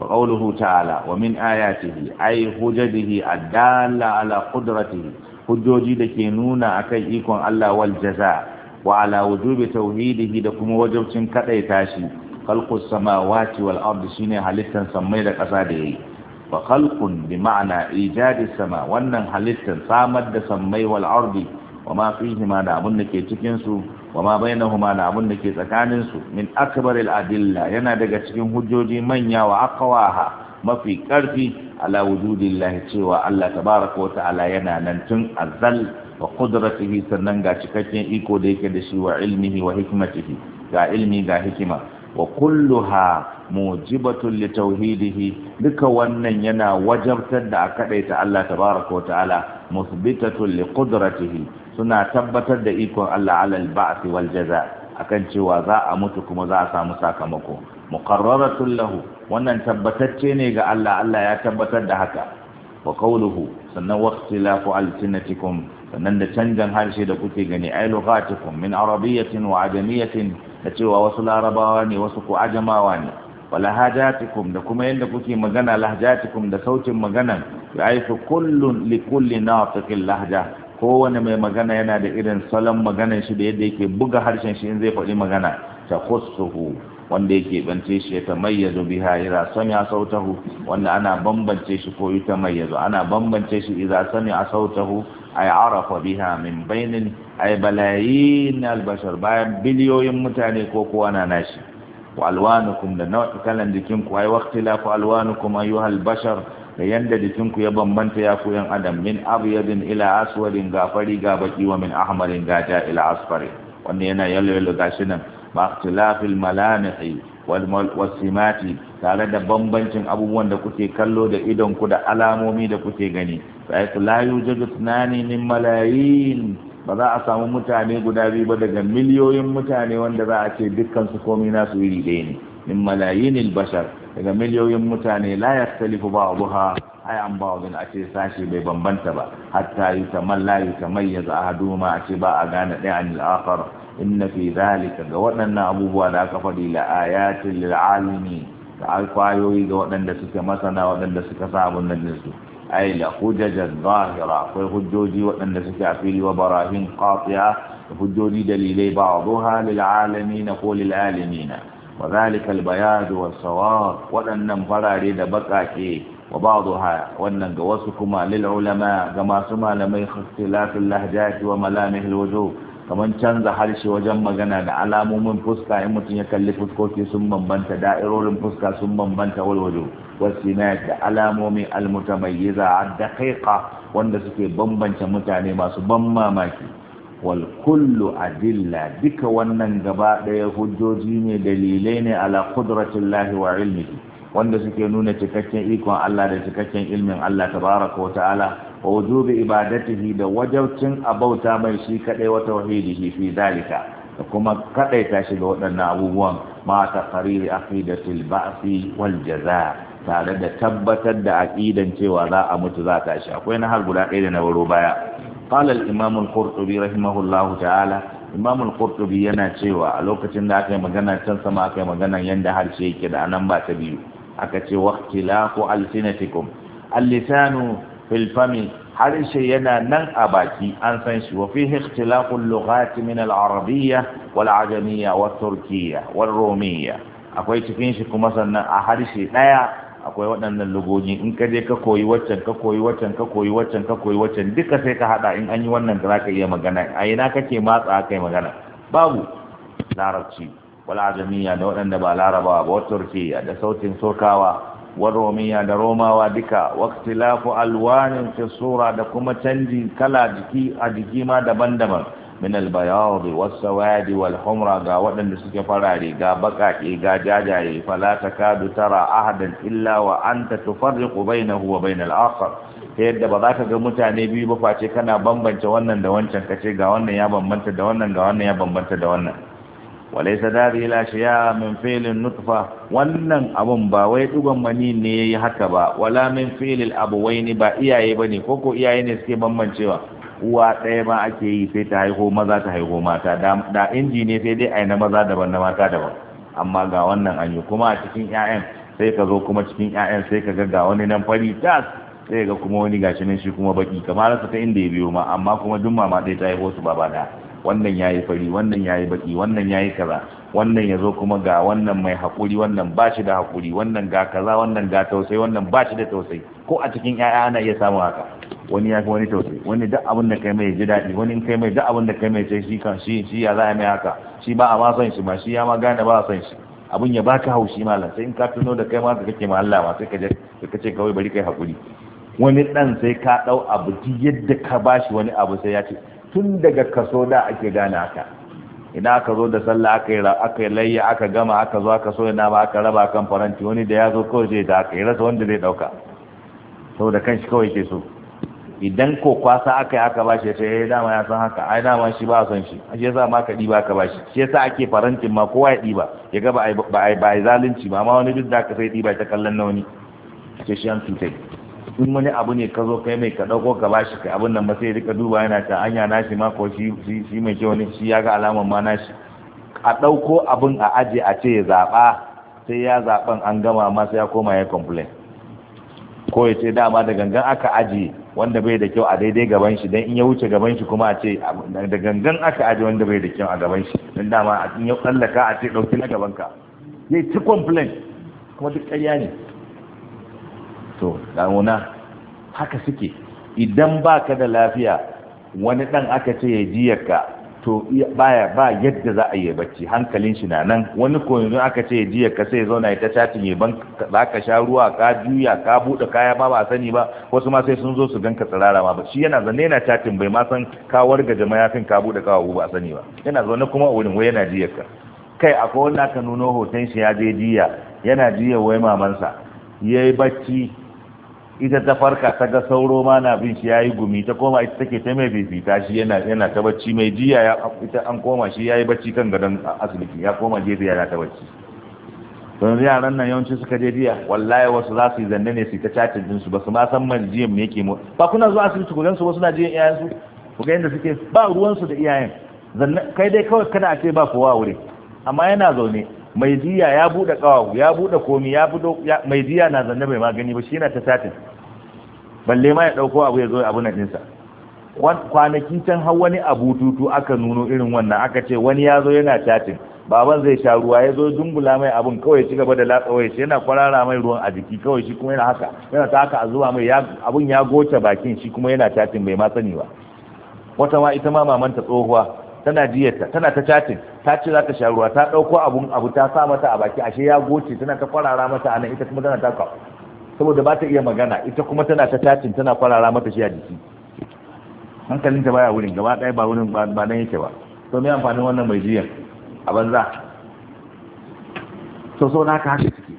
A: wa qawluhu ta'ala wa min ayatihi ay hujjatihi adalla ala qudratihi hujjoji da ke nuna akan ikon Allah wal jaza wa ala wujubi tauhidihi da kuma wajibcin kadaita shi khalqus samawati wal ardi shine halittan sammai da ƙasa da yayi fa khalqun bi ma'ana ijadi sama wannan halittar samar da sammai wal ardi wa ma fihima da abun da ke cikin su wa ma bainahuma da abun da ke tsakanin su min akbaril adilla yana daga cikin hujjoji manya wa aqwaha mafi karfi ala wujudillahi cewa Allah tabaraka wa ta'ala yana nan tun azal wa qudratihi sannan ga cikakken iko da yake da shi wa ilmihi wa hikmatihi ga ilmi ga hikima wa kulluha mujibatun li tauhidihi duka wannan yana wajabtar da a kadaita Allah tabaraka wata'ala ta'ala musbitatun li qudratihi suna tabbatar da ikon Allah alal ba'si wal jaza akan cewa za a mutu kuma za a samu sakamako muqarraratun lahu wannan tabbatacce ne ga Allah Allah ya tabbatar da haka wa qawluhu sannan waqtilafu alsinatikum sannan da canjan harshe da kuke gani ai lughatukum min arabiyyatin wa ajamiyyatin da cewa wasu larabawa ne wasu ko ajamawa ne wa lahajatikum da kuma yadda kuke magana lahajatikum da sautin maganan ai fi kullun li kulli nafiqin lahja kowane mai magana yana da irin salon maganan shi da yadda yake buga harshen shi in zai faɗi magana ta khussuhu wanda yake bance shi ya tamayyazu biha idza a sautahu wanda ana bambance shi ko yuta mayyazu ana bambance shi idza a sautahu ay arafa biha min bainin ay balayin albashar bayan biliyoyin mutane ko kuwa na nashi wa alwanukum da nau'i kalan jikin ku ay waqtilafu alwanukum ayyuha albashar da yanda jikin ku ya bambanta ya ku yan adam min abyadin ila aswadin ga fari ga baki wa min ahmarin ga ja ila asfari wanda yana yalo yalo gashi nan ba ikhtilafil malamihi wasimati tare da bambancin abubuwan da kuke kallo da idonku da alamomi da kuke gani sai la yujadu sunani min malayin ba za a samu mutane guda biyu ba daga miliyoyin mutane wanda za a ce dukkan su komai nasu iri ɗaya ne min malayinil bashar daga miliyoyin mutane la yastalifu ba'dha ai an ba wajen a ce sashe bai bambanta ba hatta yi ta mallayi ta mayyaza ahaduma a ce ba a gane ɗaya anil akhar inna fi zalika ga waɗannan abubuwa da aka faɗi la ayatin lil da alfayoyi ga waɗanda suke masana waɗanda suka sa abun nan ay la hujajan akwai hujjoji waɗanda suke a fili wa barahin qati'a hujjoji dalilai ba'dhuha lil alamin ko lil alamin wa zalika al bayad wa waɗannan farare da bakake wa ba'dhuha wannan ga wasu kuma lil ulama ga masu malamai ikhtilaf al lahjat wa malamih al wujuh kaman canza harshe wajen magana da alamomin fuska in mutum ya kalli fuskoki sun bambanta da'irorin fuska sun bambanta walwajo wasinat da alamomi almutamayyiza ad-daqiqa wanda suke bambance mutane masu ban mamaki wal kullu wannan gaba daya hujjoji ne dalilai ne ala qudratillahi wa ilmihi wanda suke nuna cikakken ikon Allah da cikakken ilmin Allah tabaraka wa ta'ala wa wujubi ibadatihi da wajabcin abauta mai shi kadai wa tauhidihi fi dalika da kuma kadaita shi ga waɗannan abubuwan ma taqariri aqidatil ba'si wal jazaa tare da tabbatar da aqidan cewa za a mutu za ta shi akwai na har guda ɗaya da na waro baya qala al-imam al-qurtubi rahimahullahu ta'ala imam al-qurtubi yana cewa a lokacin da aka yi magana can sama aka yi magana yanda harshe yake da anan ba ta biyu aka ce waqtilafu alsinatikum al-lisanu fil fami harshe yana nan a baki an san shi wa fihi ikhtilafu al-lughati min al-arabiyya wal-ajamiyya wat-turkiyya wal-rumiyya akwai cikin shi kuma sannan a harshe ɗaya. akwai waɗannan lugogi in ka je ka koyi waccan ka koyi waccan ka koyi waccan ka koyi waccan duka sai ka haɗa in an yi wannan za ka iya magana a ina kake matsa kai magana babu larabci wala ajamiya da waɗanda ba larabawa ba turkiya da sautin sokawa waromiya da romawa duka waktilafu alwanin fi sura da kuma canji kala jiki a jiki ma daban-daban min albayad was-sawad wal ga waɗanda suke farare ga baƙaƙe ga jajaye fala takadu tara ahadan illa wa anta tufarriqu bainahu wa bainal akhar ta yadda ba za ka ga mutane biyu ba face kana bambance wannan da wancan kace ga wannan ya bambanta da wannan ga wannan ya bambanta da wannan walaysa dari ila shiya min fi'lin nutfa wannan abun ba wai dugan mani ne yayi haka ba wala min fi'lil abuwaini ba iyaye bane ko ko iyaye ne suke bambancewa uwa ɗaya ma ake yi sai ta haiho maza ta haiho mata da inji ne sai dai a na maza daban na mata daban amma ga wannan an kuma a cikin 'ya'yan sai ka zo kuma cikin 'ya'yan sai ka ga ga wani nan fari tas sai ga kuma wani gashi nan shi kuma baki kamar su ta inda ya biyo ma amma kuma duk mama ɗaya ta haiho su baba da wannan yayi fari wannan yayi baki wannan yayi kaza wannan ya zo kuma ga wannan mai haƙuri wannan ba shi da haƙuri wannan ga kaza wannan ga tausayi wannan ba shi da tausayi ko a cikin ƴaƴa ana iya samun haka wani ya fi wani tausayi wani duk abin da kai mai ji daɗi wani kai mai duk abin da kai mai sai shi kan shi shi ya za a mai haka shi ba a ma son shi ma shi ya ma gane ba a son shi abin ya baka haushi malam sai in ka tuno da kai ma ka kake ma Allah ma sai ka je ka ce kawai bari kai haƙuri wani ɗan sai ka ɗau abu yadda ka bashi wani abu sai ya ce tun daga kaso da ake gane haka Ina aka zo da sallah aka yi aka layya aka gama aka zo aka so ina ba aka raba kan faranti wani da ya zo kawai zai da aka yi rasa wanda zai dauka saboda kanshi kawai ke so idan ko kwasa aka yi aka bashi sai ya eh, dama ya san haka ai dama shi ba son shi shi yasa ma ka diba ka bashi shi yasa ake farantin ma kowa ya diba ya ga ba ai ba zalunci ba ma wani duk da aka sai diba ta kallon na wani ce shi an tutai in wani abu ne ka zo kai mai ka ɗauko ka bashi kai abin nan ba sai rika duba yana ta anya nashi ma ko shi shi mai kyau ne shi ya ga alaman ma nashi a ɗauko abin a aje a ce ya zaɓa sai ya zaɓan an gama ma sai ya koma ya complain ko ya ce dama da gangan aka aje wanda bai da kyau a daidai gaban shi dan in ya wuce gaban shi kuma a ce da gangan aka aje wanda bai da kyau a gaban shi dan dama in ya tsallaka a ce ɗauki na gaban ka zai ci complain kuma duk ƙarya ne to ɗauna haka suke idan ba ka da lafiya wani ɗan aka ce ya jiyarka to baya ba yadda za a yi bacci hankalin shi na nan wani koyon aka ce ya ka sai zauna ya ta catin ya ban za ka sha ruwa ka juya ka buɗe kaya ba ba sani ba wasu ma sai sun zo su ganka tsirara ma ba shi yana zanne yana catin bai ma san ka warga jama'a fin ka buɗe kawo ba sani ba yana zaune kuma a wurin wai yana ka kai akwai wanda aka nuno hoton shi ya je jiya yana jiya wai mamansa ya yi bacci ita ta farka ta ga sauro ma na bin shi yayi gumi ta koma ita take ta mai bibita shi yana yana ta bacci mai jiya ya ita an koma shi yayi bacci kan gadon asibiti ya koma gefe yana ta bacci don yaran nan yawanci suka je jiya wallahi wasu za su yi zanne ne su ta chatin din su ba su ma san man jiya me yake mu ba kuna zuwa asibiti ku su ba suna jiya iyayen su ku ga inda suke ba ruwan su da iyayen zanne kai dai kawai kada a ce ba kowa wuri amma yana zaune mai jiya ya bude kawu ya bude komi ya bude mai jiya na zanne bai magani ba shi yana ta chatin balle ma ya dauko abu ya zo abu na dinsa kwanaki can har wani abu tutu aka nuno irin wannan aka ce wani ya zo yana chatting baban zai sha ruwa ya zo dungula mai abun kawai ci gaba da latsawai shi yana kwarara mai ruwan a jiki kawai shi kuma yana haka yana ta haka a zuwa mai abun ya goce bakin shi kuma yana chatting bai ma sani ba wata ma ita ma ta tsohuwa tana jiyarta tana ta chatting ta ce za ta sha ruwa ta dauko abun abu ta sa mata a baki ashe ya goce tana ta kwarara mata a nan ita kuma tana ta saboda ba ta iya magana ita kuma tana ta tacin tana kwarara mata shi a jiki hankalinta baya wurin gaba ɗaya ba wurin ba nan yake ba to me amfanin wannan mai jiyan a banza to so na ka haka ciki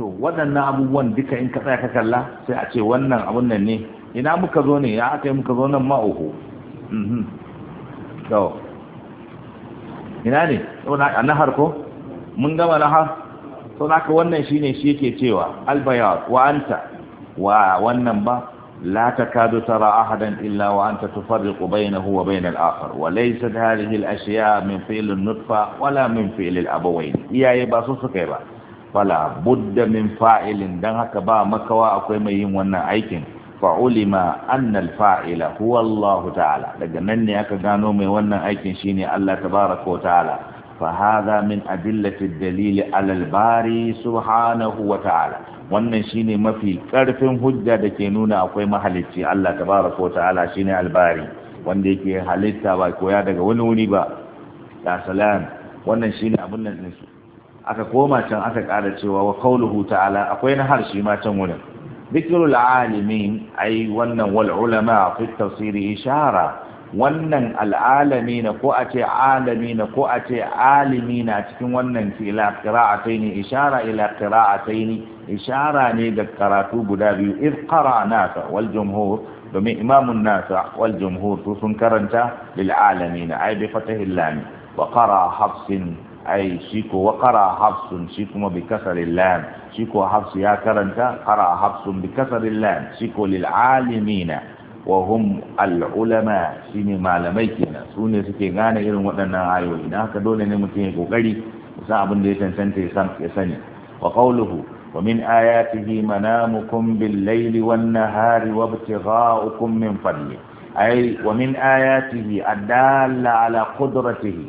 A: to waɗannan abubuwan duka in ka tsaya ka kalla sai a ce wannan abun nan ne ina muka zo ne ya aka yi muka zo nan ma oho mhm. to ina ne a nahar ko mun gama nahar sau wannan shi ne shi ke cewa albayar wa anta wa wannan ba la ta kado tara ahadan illa wa anta tufarriqu bainahu wa bainal akhar wa laysat hadhihi al-ashya min filin nutfa wala min filin al iyaye ba su suka yi ba fala budda min fa'ilin dan haka ba makawa akwai mai yin wannan aikin fa'ulima annal fa'ila huwa Allahu ta'ala daga nan ne aka gano mai wannan aikin shine Allah tabaraka wa ta'ala فهذا من أدلة الدليل على الباري سبحانه وتعالى wannan shine mafi karfin hujja da ke nuna akwai mahalicci Allah tabaraka wa ta'ala shine albari wanda yake halitta ba koya daga wani wuni ba Da salam wannan shine abin nan din aka koma can aka ƙara cewa wa qauluhu ta'ala akwai na harshe ma can wurin dhikrul alimin ai wannan wal ulama fi tafsiri ishara wannan al'alami na ko a ce alami na ko a ce alimi na cikin wannan ila qira'atai ne ishara ila qira'atai ne ishara ne ga karatu guda biyu iz qara'naka wal jumhur domin imamun nasa wal jumhur su sun karanta lil alamin ay bi fatahil lam wa kara hafsin ai shi ko wa qara hafsun shi kuma bi kasril lam shi ko hafs ya karanta qara hafsun bi kasril lam shi ko lil alimina wa hum al'ulama shi ne malamai kenan su ne suke gane irin waɗannan ayoyi na haka dole ne mutum ya kokari san abin da ya cancanta ya sani wa qawluhu wa min ayatihi manamukum bil laili wan nahari wa ibtigha'ukum min fadli ay wa min ayatihi adalla ala qudratihi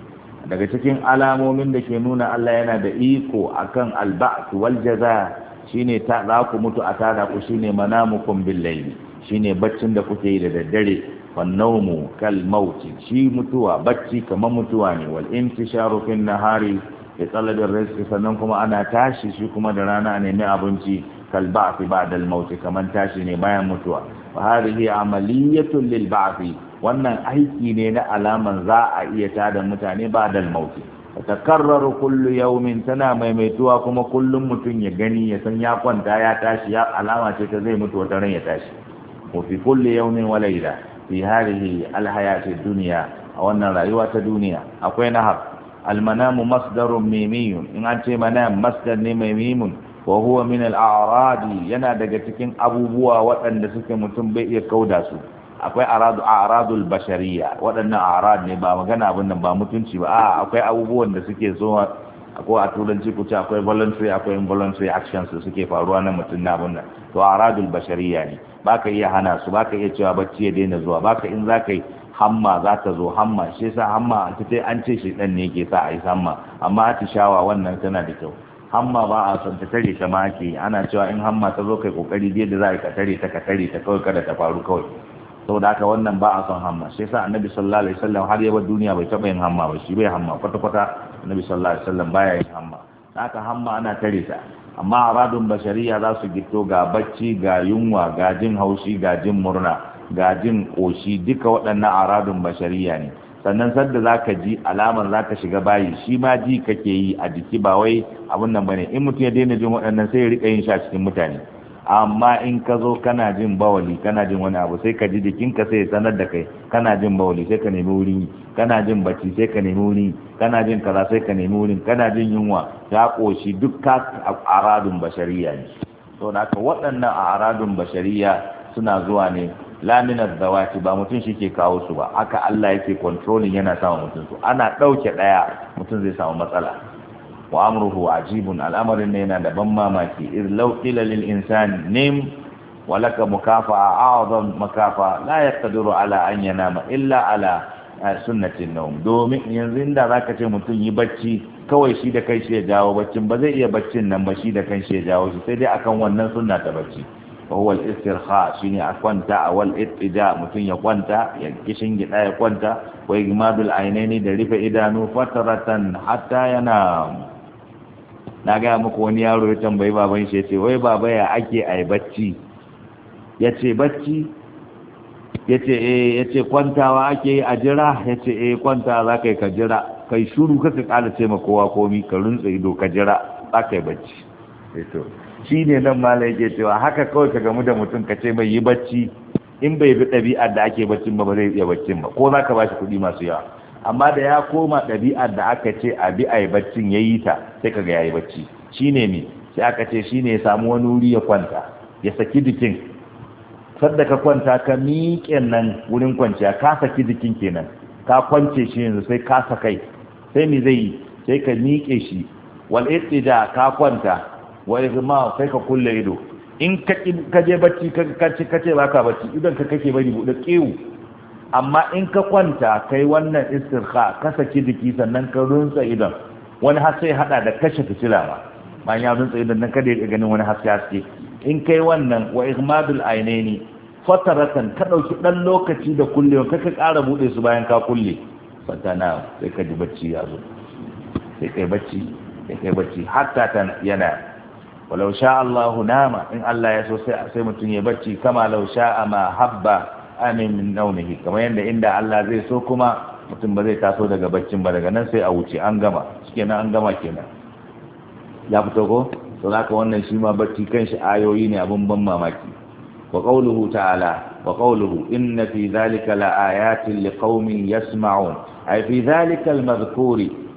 A: daga cikin alamomin da ke nuna Allah yana da iko akan al-ba'th wal jaza shine ta za ku mutu a tada ku shine manamukum bil laili shine baccin da kuke yi da daddare wannawmu kal mauti shi mutuwa bacci kamar mutuwa ne wal intisharu hari nahari da talabi rizqi sannan kuma ana tashi shi kuma da rana a nemi abinci kal ba ba'dal mauti kamar tashi ne bayan mutuwa fa hadhihi amaliyatun lil ba'thi wannan aiki ne na alaman za a iya tada mutane ba'dal mauti takarraru kullu yawmin tana maimaituwa kuma kullum mutum ya gani ya san ya kwanta ya tashi ya alama ce ta zai mutu wata ran ya tashi وفي كل يوم وليلة في هذه الحياة الدنيا أو أن رأيوة دنيا أقوى نهر المنام مصدر ميمي إن أنت منام مصدر ميمي وهو من الأعراض ينا دقتكين أبو بوا وأن دسك متنبئي كوداسو akwai aradu aradul bashariya waɗannan arad ne ba magana abin nan ba mutunci ba a akwai abubuwan da suke so ko a turanci ku ce akwai voluntary akwai involuntary actions da suke faruwa na mutum na abin nan to aradul bashariya ne ba ka iya hana su ba ka iya cewa bacci ya daina zuwa ba ka in za ka yi hamma za ta zo hamma shi sa hamma ta ce an ce shi ɗan ne ke sa a yi hamma amma shawa wannan tana da kyau hamma ba a son ta tare ta ma ke ana cewa in hamma ta zo kai kokari dai da za ka tare ta ka tare ta kawai kada ta faru kawai saboda haka wannan ba a son hamma shi sa annabi sallallahu alaihi wasallam har yabar duniya bai taɓa yin hamma ba shi bai hamma kwata kwata annabi sallallahu alaihi wasallam baya yin hamma haka hamma ana tare ta amma aradun bashariya za su gito ga bacci ga yunwa ga jin haushi ga jin murna ga jin koshi duka waɗannan aradun bashariya ne sannan sadda za ka ji alamar za ka shiga bayi shi ma ji kake yi a jiki ba wai abin nan ba ne in mutum ya daina jin waɗannan sai ya riƙa yin sha cikin mutane amma in ka zo kana jin bawali kana jin wani abu sai ka ji ka sai sanar da kai kana jin bawali sai ka nemi wuri kana jin bacci sai ka nemi wuri kana jin kaza sai ka nemi wuri kana jin yunwa ya koshi duk ka aradun bashariya ne to na ka waɗannan aradun bashariya suna zuwa ne laminar zawati ba mutum shi ke kawo su ba haka Allah yake controlling yana sama mutum su ana ɗauke ɗaya mutum zai samu matsala wa amruhu ajibun al'amarin ne yana da ban mamaki iz law lil insani nim walaka mukafa'a a'zam makafa la yaqdiru ala an yanama illa ala eh, sunnatin nawm domin yanzu inda zaka ce mutum yi bacci kawai shi da kanshi ya jawo baccin ba zai iya baccin nan ba shi da kanshi ya jawo shi sai dai akan wannan sunna ta bacci fa huwa istirha shine a kwanta a wal ittija mutum ya kwanta ya kishin gida ya kwanta wa igmadul ainaini da rufe idanu fataratan hatta yana na gaya muku wani yaro ya tambayi baban shi ya ce wai baba ya ake a bacci ya ce bacci ya ce eh ya kwantawa ake a jira ya ce eh kwanta za ka yi ka jira kai shuru kaka kala ce ma kowa komi ka runtse ido ka jira za ka yi bacci eh shi ne nan malai ke cewa haka kawai ka gamu da mutum ka ce mai yi bacci in bai bi ɗabi'ar da ake baccin ba ba zai iya baccin ba ko za ka ba shi kuɗi masu yawa amma da ya koma ɗabi'ar da aka ce a bi a baccin ya yi ta sai kaga yayi bacci shine ne sai aka ce shine ya samu wani wuri ya kwanta ya saki jikin sadda ka kwanta ka miƙe nan wurin kwanciya ka saki jikin kenan ka kwance shi yanzu sai ka sakai sai me zai sai ka miƙe shi wal ittida ka kwanta wa ihma sai ka kulle ido in ka ka je bacci ka kace baka bacci idan ka kake bari bude kewu amma in ka kwanta kai wannan istirha ka saki jiki sannan ka runsa idan wani har sai hada da kashe fitila ba bayan ya idan nan kada ya ganin wani haske haske in kai wannan wa ihmadul aynaini fataratan ka dauki dan lokaci da kullewa ka ka ƙara bude su bayan ka kulle fatana sai ka ji bacci ya zo sai kai bacci sai kai bacci hatta tan yana walau sha Allahu nama in Allah ya so sai sai mutum ya bacci kama law sha ma habba amin min naumihi kamar yanda inda Allah zai so kuma mutum ba zai taso daga baccin ba daga nan sai a wuce an gama shikenan an gama kenan ya fito ko to ka wannan shi ma bacci shi ayoyi ne abin ban mamaki wa ƙauluhu ta'ala wa in inna fi la'aya la ayatin liqaumin yasma'un ay fi zalika al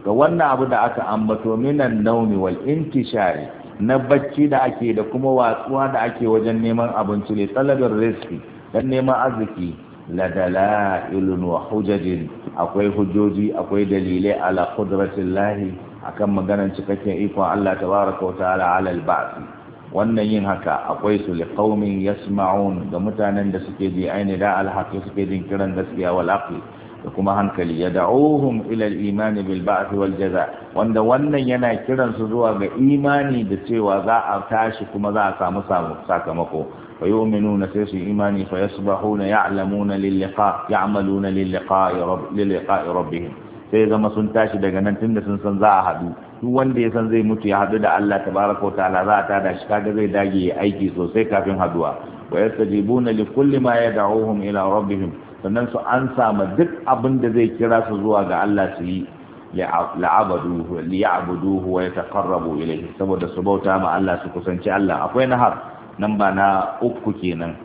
A: ga wannan abu da aka ambato minan naumi wal intishari na bacci da ake da kuma watsuwa da ake wajen neman abinci ne talabin riski don neman arziki ladalailun wa hujajin akwai hujjoji akwai dalilai ala qudratillahi akan maganar cikakken ikon Allah tabaraka wa ta'ala ala al-ba'th wannan yin haka akwai su liqaumin yasma'un ga mutanen da suke ji aini da al suke jin kiran gaskiya wal aqli da kuma hankali ya da'uhum ila al imani bil ba'th wal jaza wanda wannan yana kiran su zuwa ga imani da cewa za a tashi kuma za a samu sakamako fa yu'minuna sai su imani fa yasbahuna ya'lamuna lil liqa ya'maluna lil liqa lil liqa rabbihim sai zama sun tashi daga nan tunda sun san za a haɗu duk wanda ya san zai mutu ya haɗu da Allah tabaraka wa ta'ala za a tada shi kaga zai dage aiki sosai kafin haduwa wa yastajibuna li kulli ma yad'uhum ila rabbihim sannan su an samu duk abin da zai kira su zuwa ga Allah su yi la'abuduhu liya'buduhu wa yataqarrabu ilayhi saboda su bauta ma Allah su kusanci Allah akwai nahar nan ba na uku kenan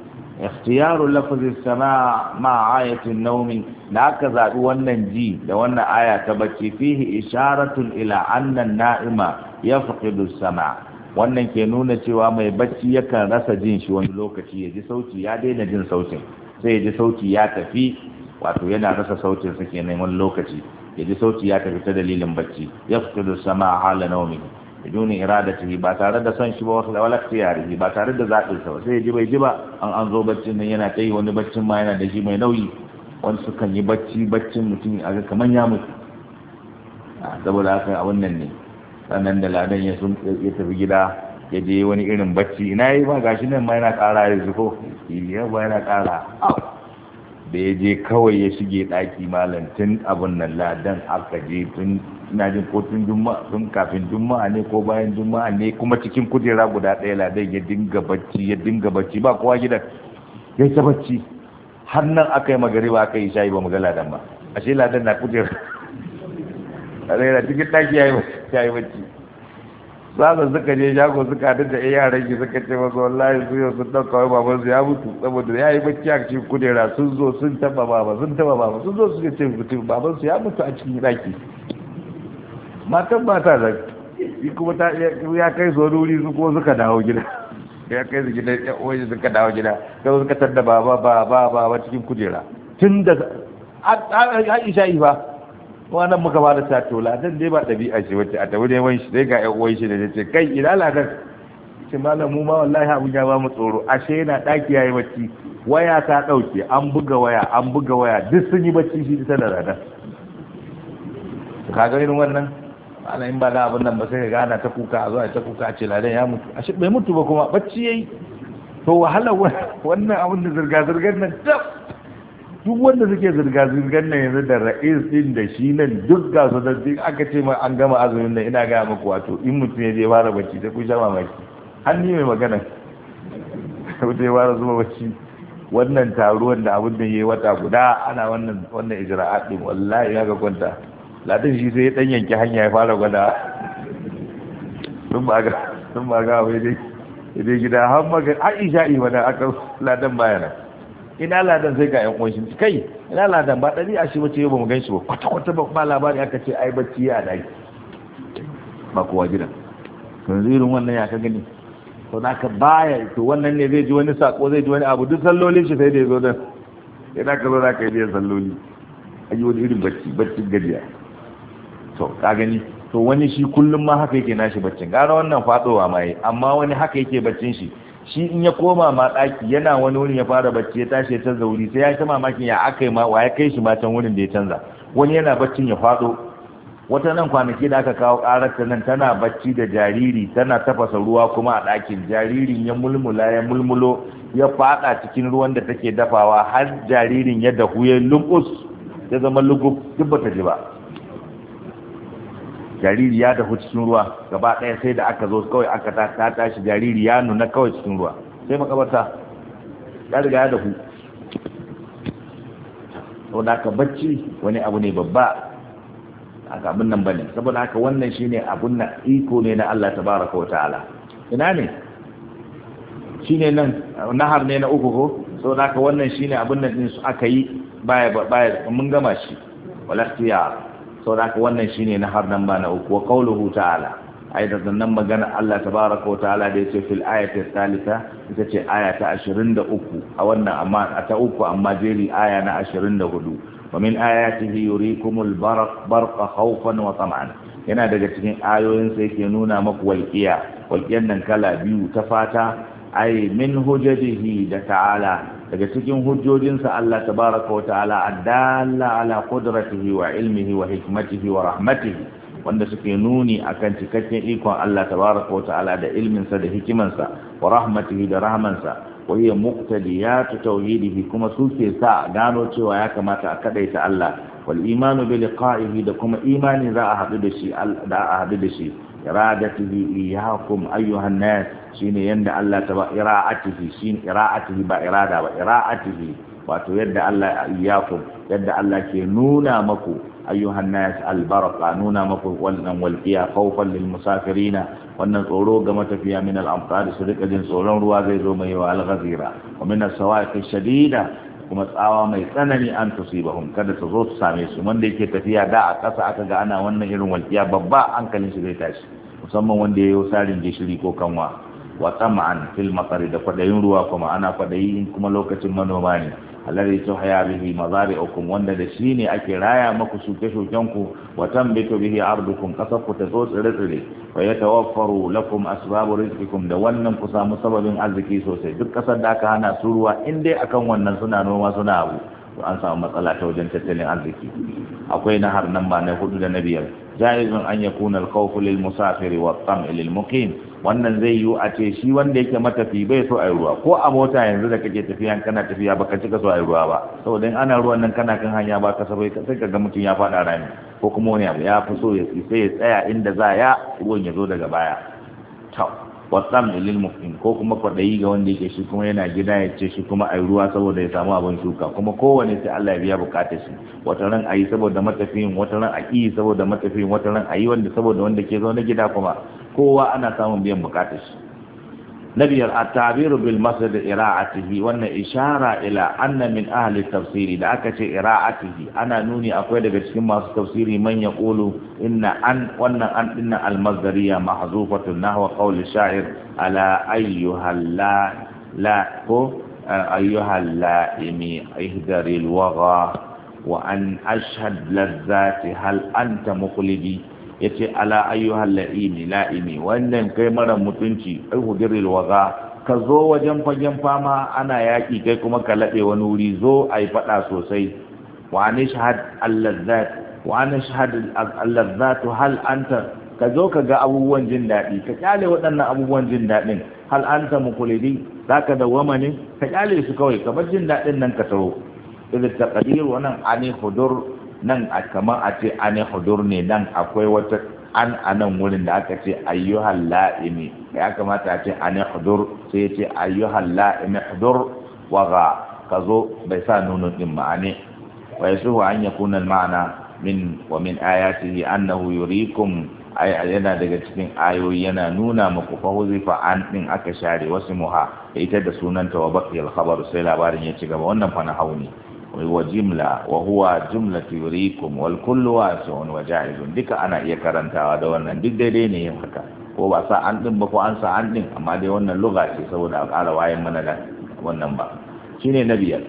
A: ikhtiyaru lafzi sama ma ayatin nawmi da aka zabi wannan ji da wannan aya ta bacci fihi isharatun ila anna na'ima yafqidu sama wannan ke nuna cewa mai bacci yakan rasa jin shi wani lokaci ya ji sauti ya daina jin sautin sai ya ji sauti ya tafi wato yana rasa sautin sa kenan wani lokaci ya ji sauti ya tafi ta dalilin bacci ya fito da sama a halin naumi irada ta yi ba tare da son shi ba wasu lawalar shi, ba tare da zaɓin sa ba sai ya ji bai ji ba an an zo baccin nan yana ta yi wani baccin ma yana da shi mai nauyi wani kan yi bacci baccin mutum a ga kamar ya mutu saboda haka abin nan ne sannan da ladan ya tafi gida ya je wani irin bacci ina yi ba gashi nan ma yana ƙara ya zuko ya ba yana ƙara da ya je kawai ya shige ɗaki malam tun abin nan ladan aka je tun ina jin ko tun juma'a tun kafin juma'a ne ko bayan juma'a ne kuma cikin kujera guda ɗaya ladan ya dinga bacci ya dinga bacci ba kowa gidan ya ta bacci har nan aka yi magari ba aka yi shayi ba mu ga ladan ba ashe ladan na kujera ladan na cikin ɗaki ya yi bacci sasa suka je shago suka duk da yaran ki suka ce masa wallahi su yau sun ɗauka wai baban su ya mutu saboda ya yi bacci a cikin kudera sun zo sun taɓa baba sun taɓa baba sun zo suka ce mutum baban su ya mutu a cikin ɗaki matan ba ta da shi kuma ta ya kai su wani wuri su kuma suka dawo gida ya kai su gidan ya oji suka dawo gida sai suka tadda baba baba baba cikin kudera tun da an yi ba wannan muka ba da ta tola dan dai ba dabi'a ce wacce a tabi ne wani shi dai ga ƴan uwan shi da ce kai ina lakar ce malam mu ma wallahi abun ya ba mu tsoro ashe yana daki yayi bacci waya ta dauke an buga waya an buga waya duk sun yi bacci shi ta da rana kaga irin wannan ana in ba da abin nan ba sai ga ana ta kuka a zo a ta kuka a ce ladan ya mutu ashe bai mutu ba kuma bacci yayi to wahala wannan abin da zirga zirgar nan dab duk wanda suke zirga-zirgar nan yanzu da ra'is din da shi nan duk ga su da duk aka ce ma an gama azumin nan ina gaya muku wato in mutum ya je fara bacci sai kun sha mamaki an ni mai magana mutum ya fara zuwa bacci wannan taruwan da abin da ya yi wata guda ana wannan wannan ijra'at din wallahi ya ga kwanta latin shi sai ya dan yanki hanya ya fara gwada sun ba ga sun ba ga wai dai gida har maga Aisha ibada aka ladan bayana ina ladan sai ga yan uwan kai ina ladan ba dari a shi mace yau mu ganshi ba kwata kwata ba ba labari aka ce ai bacci ya dai ba kowa gidan yanzu irin wannan ya ka gani to ka baya to wannan ne zai ji wani sako zai ji wani abu duk sallolin shi sai da yazo dan ina ka zo zaka yi biyan salloli ai wani irin bacci bacci gajiya to ka gani to wani shi kullum ma haka yake nashi baccin gara wannan fadowa ma yi amma wani haka yake baccin shi shi in ya koma ma ɗaki yana wani wurin ya fara bacci ya tashi ya canza wuri sai ya ta mamakin ya aka ma wa ya kai shi matan wurin da ya canza wani yana baccin ya faɗo wata nan kwanaki da aka kawo ƙararta nan tana bacci da jariri tana tafasa ruwa kuma a ɗakin jaririn ya mulmula ya mulmulo ya faɗa cikin ruwan da take dafawa har jaririn ya dahu ya lukus ya zama lugub duk bata ji ba jariri ya dahu cikin ruwa gaba ɗaya sai da aka zo kawai aka ta tashi jariri ya nuna kawai cikin ruwa sai makabarta ya riga ya dahu saboda haka bacci wani abu ne babba aka abin nan bane saboda haka wannan shine abun na iko ne na Allah tabaraka wa ta'ala ina ne shi ne nan nahar ne na uku ko saboda haka wannan shine abun nan din su aka yi baya baya mun gama shi wala ikhtiyar sauraka wannan shine na har nan ba na uku wa qauluhu ta'ala ai da zannan magana Allah tabaraka ko ta'ala da yace fil ayati thalitha ita ce aya ta uku a wannan amma ta uku amma jeri aya na ashirin da hudu wa min ayatihi yurikumul barq barqa khawfan wa tam'an yana daga cikin ayoyinsa yake nuna maku walqiya walqiyan nan kala biyu ta fata ai min hujjatihi da ta'ala daga cikin hujjojinsa Allah tabaraka wa ta'ala adalla ala qudratihi wa ilmihi wa hikmatihi wa rahmatihi wanda suke nuni akan cikakken ikon Allah tabaraka wa ta'ala da ilminsa da hikimansa wa rahmatihi da rahmansa wa hiya muqtadiyatu tauhidihi kuma suke sa gano cewa ya kamata a kadaita Allah wal imanu bi liqa'ihi da kuma imani za a hadu da shi da a hadu da shi iradatihi iyyakum ayyuhan nas shine yanda Allah ta ba ira'atihi shine ira'atihi ba irada ba ira'atihi wato yadda Allah iyyakum yadda Allah ke nuna maku ayyuhan nas albarqa nuna maku wannan walqiya khawfan lil musafirina wannan tsoro ga matafiya min al amqar su rika jin tsoron ruwa zai zo mai wa al ghazira wa min as sawa'iq shadida kuma tsawa mai tsanani an tusibahum kada ta zo su same su wanda yake tafiya da a ƙasa aka ga ana wannan irin walƙiya babba hankalin shi zai tashi musamman wanda ya yi sarin gishiri ko kanwa wa tsama'an fil matsari da kwadayin ruwa kuma ana kwadayi in kuma lokacin manoma ne alladhi tuhya bihi mazari'ukum wanda da shi ne ake raya maku shuke-shuken ku wa tanbitu bihi ardukum kasar ku ta tsire-tsire wa yatawaffaru lakum asbabu rizqikum da wannan ku samu sababin arziki sosai duk kasar da aka hana su ruwa in dai akan wannan suna noma suna abu to an samu matsala ta wajen tattalin arziki akwai nahar nan ba na hudu da na biyar jaizun an yakuna al-khawfu lil musafir wannan zai yi a ce shi wanda yake matafi bai so a ruwa ko a mota yanzu da kake tafiya kana tafiya ba ka cika so a ruwa ba saboda in ana ruwan nan kana kan hanya ba ka sabai sai ka ga mutum ya faɗa rami ko kuma wani abu ya fi so ya sai ya tsaya inda za ya ruwan ya zo daga baya to wasan da lil mufin ko kuma kwaɗayi ga wanda yake shi kuma yana gida ya ce shi kuma a ruwa saboda ya samu abin shuka kuma kowane sai Allah ya biya bukatar shi wata ran ayi saboda matafiyin wata ran a saboda matafiyin wata ran ayi wanda saboda wanda ke zaune gida kuma kowa ana samun biyan bukatar shi نبي التعبير بالمصدر إراعته وأن إشارة إلى أن من أهل التفسير لأكت إراعته أنا نوني أقول مصدر التفسير من يقول إن أن وأن أن إن المصدرية محذوفة نحو قول الشاعر على أيها لا لا أيها اللائم اهدر الوغى وأن أشهد لذات هل أنت مقلبي ya ce ala ayyuhal la'imi la'imi wannan kai mara mutunci ai alhudiril waza ka zo wajen fagen fama ana yaƙi kai kuma ka laɗe wani wuri zo a yi faɗa sosai wa ne shahad allazat wa ne shahad allazatu hal anta ka zo ka ga abubuwan jin daɗi ka kyale waɗannan abubuwan jin daɗin hal anta mukulidi za ka dawwama ne ka kyale su kawai ka bar jin daɗin nan ka taho idan taqdir wannan ani hudur nan a kamar a ce an hudur ne nan akwai wata an a nan wurin da aka ce ayyuhal la'imi ya kamata a ce an hudur sai ya ce ayyuhal la'imi hudur wa ga ka zo bai sa nuna din ma'ani wa yasuhu an yakuna ma'ana min wa min ayatihi annahu yurikum yana daga cikin ayoyi yana nuna muku fa huzifa an din aka share wasu muha ita da sunanta wa baqi al sai labarin ya ci gaba wannan fa na hauni وجملة وهو جملة يريكم والكل واسع وجائز ديك أنا يكرنتا إيه هذا وانا ديك دي ديني يمكا وبعصا عندن بكو أنسى عندن أما دي وانا اللغة سيسونا على وعي من لا وانا مبا شيني نبيا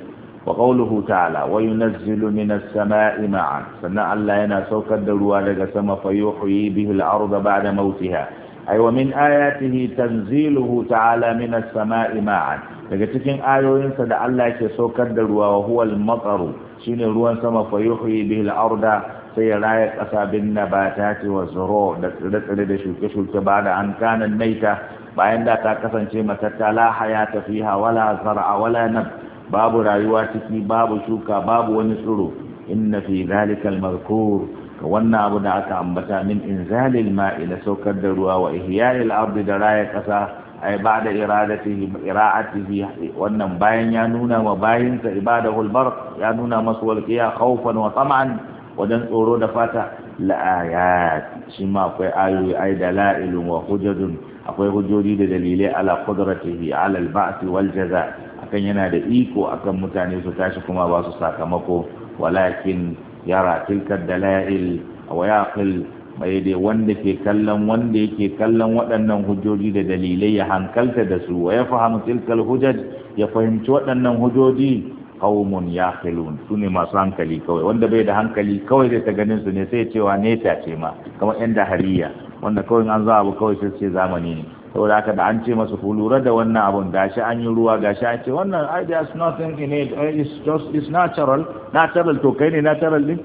A: وقوله تعالى وينزل من السماء معا سنة الله ينا سوكد الوالد سما فيحيي به الأرض بعد موتها ai wa min ayatihi tanziluhu ta'ala min as-sama'i ma'an daga cikin ayoyinsa da Allah ke saukar da ruwa wa huwal matsaru shine ruwan sama fa yuhyi bihi al-arda sai ya raya ƙasa bin nabatati wa zuro da tsire-tsire da shuke-shuke ba da an kanan maita bayan da ta kasance matatta la hayata fiha wala zar'a wala nab babu rayuwa ciki babu shuka babu wani tsiro inna fi dhalika al-mazkur ka wannan abu da aka ambata min inzalil ma'i da saukar da ruwa wa ihya'il abu da raya kasa ay ba'da iradatihi ira'atihi wannan bayan ya nuna wa bayinsa ibada barq ya nuna masu walqiya khawfan wa tsaman wajen tsoro da fata la'ayat shi ma akwai ayoyi ay dalailun wa akwai hujjoji da dalilai ala qudratihi ala al wal jaza akan yana da iko akan mutane su tashi kuma ba su sakamako walakin yara tilkar dalail wa yaqil bai dai wanda ke kallon wanda yake kallon waɗannan hujjoji da dalilai ya hankalta da su wa ya fahimci tilkal hujjaj ya fahimci waɗannan hujjoji qaumun yaqilun sune masu hankali kawai wanda bai da hankali kawai zai ta ganin su ne sai cewa nesa ce ma kamar yan hariya wanda kawai an za abu kawai sai zamani ne saboda haka da an ce masa ku lura da wannan abun gashi an yi ruwa gashi an ce wannan ai is nothing in it eh, it's just it's natural natural to kai ne natural din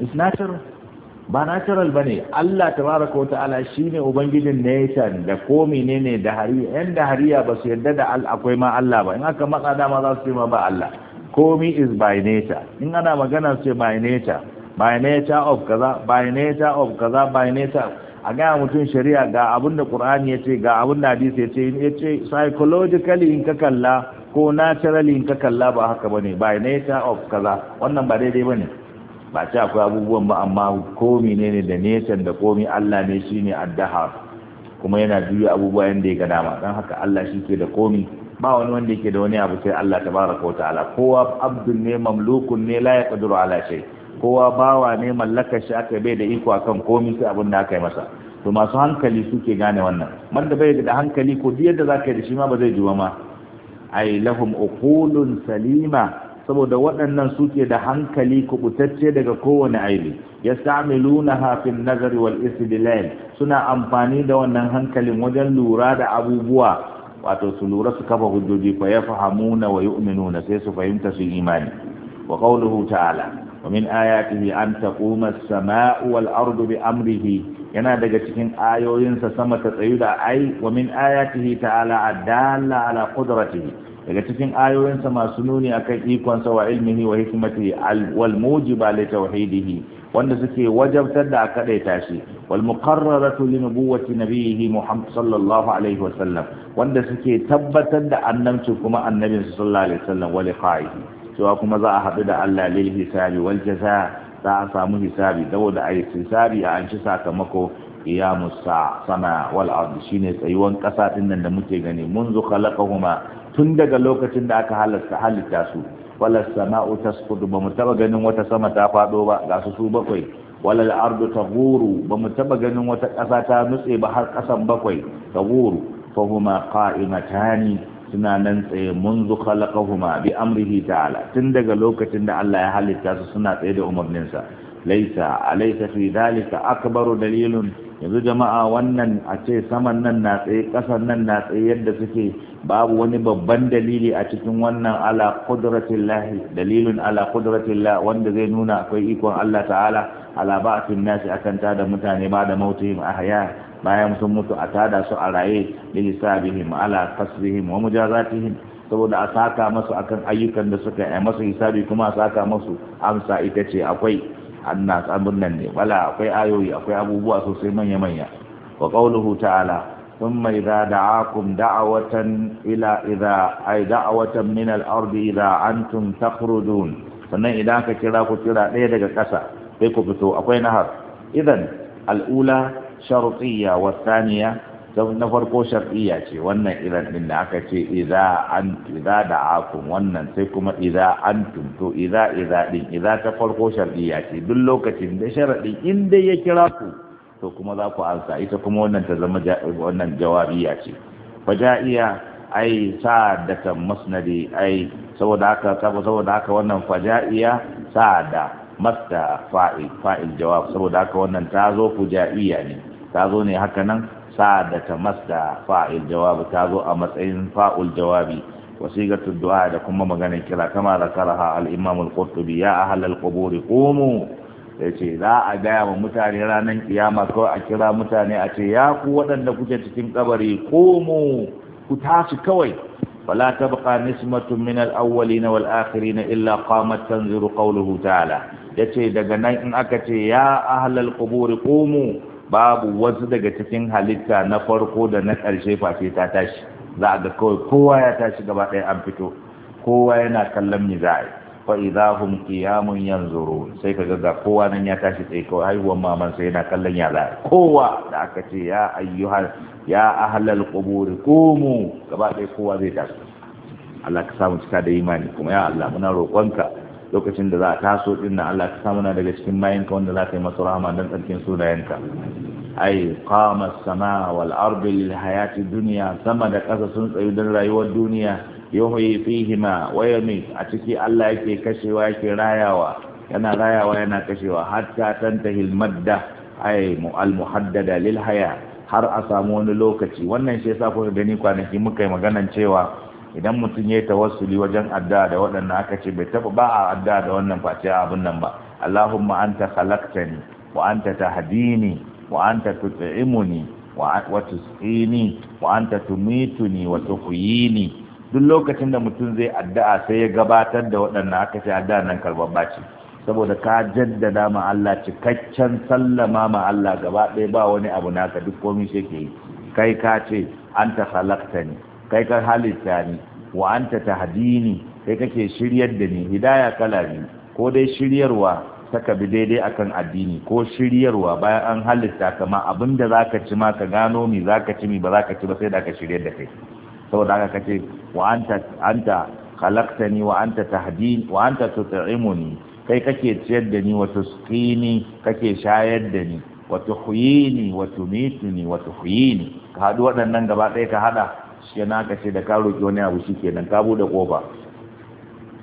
A: it's natural ba natural bane Allah tabaraka wa ta'ala shine ubangijin nation da ko menene da hari yan da hariya ba su yarda da al akwai ma Allah ba in aka matsa dama za su ce ma ba Allah komi is by nature in ana magana su ce by nature by nature of kaza by nature of kaza by nature a gaya mutum shari'a ga abin da ƙur'ani ya ce ga abin da hadisi ya ce ya ce psychologically in ka kalla ko naturally in ka kalla ba haka ba ne ba by ta of kaza wannan ba daidai ba ne ba ce akwai abubuwan ba amma komi ne ne da nesan da komi Allah ne shi ne kuma yana juya abubuwa yadda ya ga dama don haka Allah shi ke da komi ba wani wanda yake da wani abu sai Allah tabaraka wa ta'ala kowa abdun ne mamlukun ne la kadura ala shai. kowa bawa ne mallakar shi aka bai da iko akan komi sai abin da aka yi masa to masu hankali suke gane wannan wanda bai da hankali ko duk yadda zaka yi da shi ma ba zai ji ma ai lahum uqulun salima saboda waɗannan suke da hankali kubutacce daga kowane aibi ya sami luna nazari wal istidlal suna amfani da wannan hankalin wajen lura da abubuwa wato su lura su kafa hujjoji fa yafhamuna wa yu'minuna sai su fahimta su imani wa qawluhu ta'ala ومن آياته أن تقوم السماء والأرض بأمره yana daga cikin ayoyinsa sama ta tsayu da ai wa min ayatihi ta'ala adalla ala qudratihi daga cikin ayoyinsa masu nuni akan ikonsa wa ilmihi wa hikmatihi wal mujiba li tauhidihi wanda suke wajabtar da aka daita shi wal muqarraratu li nubuwwati nabiyhi Muhammad sallallahu alaihi wanda suke tabbatar da annabci kuma annabinsa cewa kuma za a haɗu da Allah lil hisabi wal jaza za a samu hisabi saboda a yi hisabi a an ci sakamako qiyamus sa sama wal ard shine tsayuwan ƙasa din nan da muke gani munzu khalaqahuma tun daga lokacin da aka halatta halitta su wala sama'u tasqutu ba mu taba ganin wata sama ta fado ba ga su su bakwai wala al-ardu taghuru ba mu taba ganin wata ƙasa ta nutse ba har ƙasan bakwai taghuru fa huma qa'imatani suna nan tsaye munzu khalaqahuma bi amrihi ta'ala tun daga lokacin da Allah ya halitta su suna tsaye da umarninsa laisa alaysa fi dhalika akbaru dalilun yanzu jama'a wannan a ce saman nan na tsaye kasan nan na tsaye yadda suke babu wani babban dalili a cikin wannan ala qudratillah dalilun ala qudratillah wanda zai nuna akwai ikon Allah ta'ala ala ba'atun nasi akan tada mutane ba da a ahya bayan sun mutu a tada su a raye bil hisabihim ala kasrihim wa mujazatihim saboda a saka masu akan ayyukan da suka yi masu hisabi kuma a saka masu amsa ita ce akwai annas abun nan ne wala akwai ayoyi akwai abubuwa sosai manya manya wa qauluhu ta'ala ثم إذا دعاكم دعوة إلى إذا أي دعوة من الأرض إذا أنتم تخرجون sannan idan ka kira ku kira ɗaya daga ƙasa sai ku fito akwai nahar idan al'ula sharutiyya wa saniya na farko shar'iyya ce wannan idan din da aka ce iza an idza wannan sai kuma idza an to idza idza din idza ta farko ce duk lokacin da sharadi in dai ya kira ku to kuma za ku ansa ita kuma wannan ta zama wannan jawabiya ce faja'iya ai da ta masnadi ai saboda haka saboda haka wannan sa da masta fa'il fa'il jawab saboda haka wannan ta zo ku fuja'iya ne ta zo ne haka nan da ta masta fa'il jawab ta zo a matsayin fa'ul jawabi wasigatu du'a da kuma maganar kira kama zakaraha al-imam al-qurtubi ya ahlal quburi qumu ya ce za a gaya wa mutane ranar kiyama kawai a kira mutane a ce ya ku waɗanda kuke cikin kabari komo ku tashi kawai ta tabqa nismatun min al-awwalin na akhirin illa qamat tanziru qawluhu ta'ala yace daga nan in aka ce ya ahlal kuburi qumu babu wasu daga cikin halitta na farko da na ƙarshe face ta tashi za a ga kawai kowa ya tashi gaba ɗaya an fito kowa yana kallon me yi fa idahum qiyamun yanzuru sai kaga ga kowa nan ya tashi tsaye kawai haihuwar maman sai yana kallon yara kowa da aka ce ya ayyuha ya ahlal qubur qumu gaba dai kowa zai tashi Allah ka samu cika da imani kuma ya Allah muna roƙonka lokacin da za a taso din nan Allah ka samu na daga cikin ka wanda za ka yi masa rahama dan tsarkin sunayenka ay qama as-sama wal ardi lil hayati dunya sama da kasa sun tsayu dan rayuwar duniya yuhyi fihima wa yumit a ciki Allah yake kashewa yake rayawa yana rayawa yana kashewa hatta tantahil madda ay al muhaddada lil haya har a samu wani lokaci wannan shi yasa kuka gani kwanaki muka yi maganan cewa idan mutum ya tawassuli wajen addu'a da waɗannan aka ce bai taɓa ba a addu'a da wannan face abin nan ba Allahumma anta khalaqtani wa anta tahdini wa anta tut'imuni wa tusqini wa anta tumituni wa tuhyini duk lokacin da mutum zai addu'a sai ya gabatar da waɗannan aka ce addu'a nan karɓar baci saboda ka jaddada ma Allah cikakken sallama ma Allah gaba ɗaya ba wani abu na ka duk komai shi ke kai ka ce an ta halakta ni kai ka halitta ni wa an ta tahdini kai kake shiryar da ni hidaya kala ne ko dai shiryarwa ta bi daidai akan addini ko shiryarwa bayan an halitta kama abinda zaka ci ma ka gano mi zaka ci mi ba zaka ci ba sai da ka shiryar da kai saboda haka kace wa anta anta khalaqtani wa anta tahdin wa anta tut'imuni kai kake ciyar da ni wato tusqini kake shayar da ni wato huyini wato mituni wato huyini ka hadu waɗannan gaba ɗaya ka hada shi na ka ce da ka roki wani abu shi kenan ka bude kofa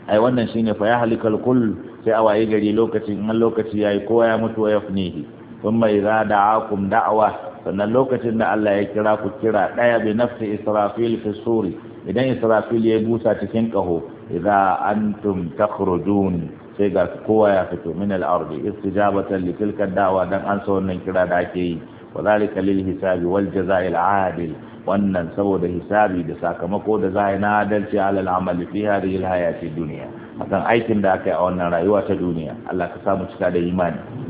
A: ai wannan shine fa ya halikal kull sai a waye gari lokacin in lokaci yayi kowa ya mutu wa yafnihi kuma idza da'akum da'wa sannan lokacin da Allah ya kira ku kira ɗaya bi nafsi israfil fi suri idan israfil ya busa cikin ƙaho idza antum takhrujun sai ga kowa ya fito min al-ardi istijabatan li tilka da'wa dan an sa wannan kira da ake yi wa zalika lil hisabi wal jaza'il adil wannan saboda hisabi da sakamako da za na adalci ala al-amali fi hadhihi al-hayati dunya akan aikin da aka yi a wannan rayuwa ta duniya Allah ka samu cika da imani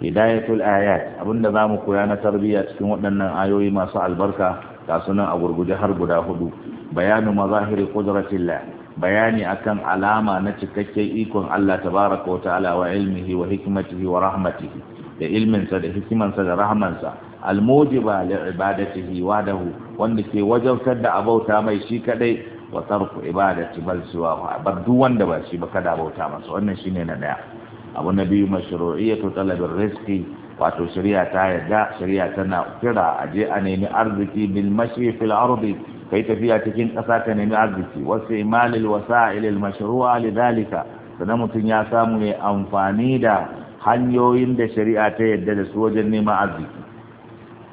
A: hidayatul ayat abinda za mu koya na tarbiyya cikin waɗannan ayoyi masu albarka ga sunan a gurguje har guda hudu bayanu mazahiri qudratillah bayani akan alama na cikakken ikon Allah tabaraka wa ta'ala wa ilmihi wa hikmatihi wa rahmatihi da ilminsa da hikimansa da rahmansa almujiba li ibadatihi wahdahu wanda ke wajabtar da abauta mai shi kadai wa tarku ibadati bal siwa bar duk wanda ba shi ba kada bauta masa wannan shine na daya abu na biyu mashru'iyyatu talabir rizqi wato shari'a ta yarda shari'a tana kira a je a nemi arziki bil mashi fil ardi kai tafiya cikin ƙasa ka nemi arziki wasu imalil wasa'il al mashru'a lidhalika na mutum ya samu ya amfani da hanyoyin da shari'a ta yarda da su wajen neman arziki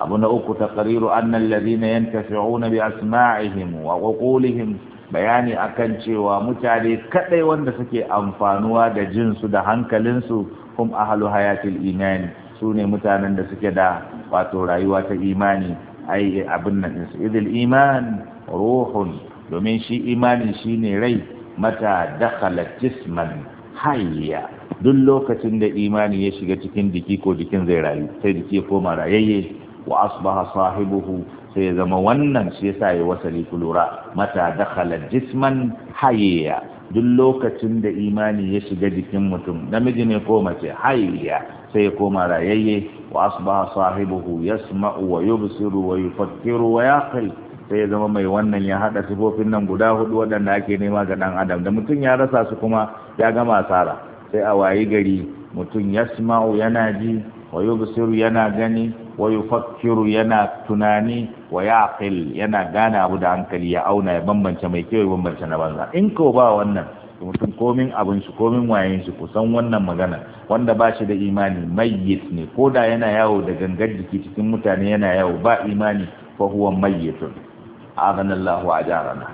A: abu na uku taqriru anna alladhina yantafi'una bi asma'ihim wa qulihim bayani akan cewa mutane kadai wanda suke amfanuwa da jinsu da hankalinsu kum ahlu hayatil imani su ne mutanen da suke da wato rayuwa ta imani ai abin nan su idil iman ruhun domin shi imani shine rai mata dakhala jisman hayya duk lokacin da imani ya shiga cikin jiki ko jikin zai rayu sai jiki ya koma rayayye wa asbaha sahibuhu sai ya zama wannan shi yasa ya wasali kulura mata dakhala jisman hayya duk lokacin da imani ya shiga jikin mutum namiji ne ko mace hayya sai ya koma rayayye wa asbaha sahibuhu yasma'u wa yubsiru wa yufakkiru wa yaqil sai ya zama mai wannan ya hada sifofin nan guda hudu waɗanda ake nema ga dan adam da mutum ya rasa su kuma ya gama asara sai a wayi gari mutum yasma'u yana ji wa yubsiru yana gani wa yufakkiru yana tunani wa yaqil yana gane abu da hankali ya auna ya bambance mai kyau ya bambance na banza in ko ba wannan mutum komin abin su komin wayen su kusan wannan magana wanda ba shi da imani mayyit ne ko da yana yawo da gangar jiki cikin mutane yana yawo ba imani fa huwa mayyitun Lahu wa ajarana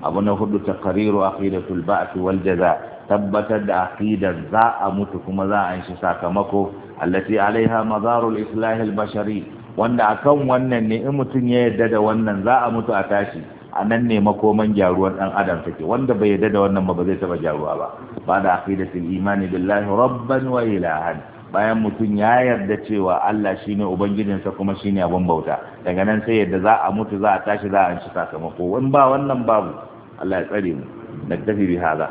A: abu na hudu taqriru aqidatul ba'th wal jaza tabbatar da aqidar za a mutu kuma za a yi sakamako allati alaiha mazarul islahil al-bashari wanda akan wannan ne in mutum ya yarda da wannan za a mutu a tashi a nan ne makoman gyaruwar dan adam take wanda bai yarda da wannan ba ba zai taba gyaruwa ba ba da aqidatul imani billahi rabban wa ilahan bayan mutum ya yarda cewa Allah shine ubangijinsa kuma shine abun bauta daga nan sai yadda za a mutu za a tashi za a ci sakamako in ba wannan babu Allah ya tsare mu naktafi bi hada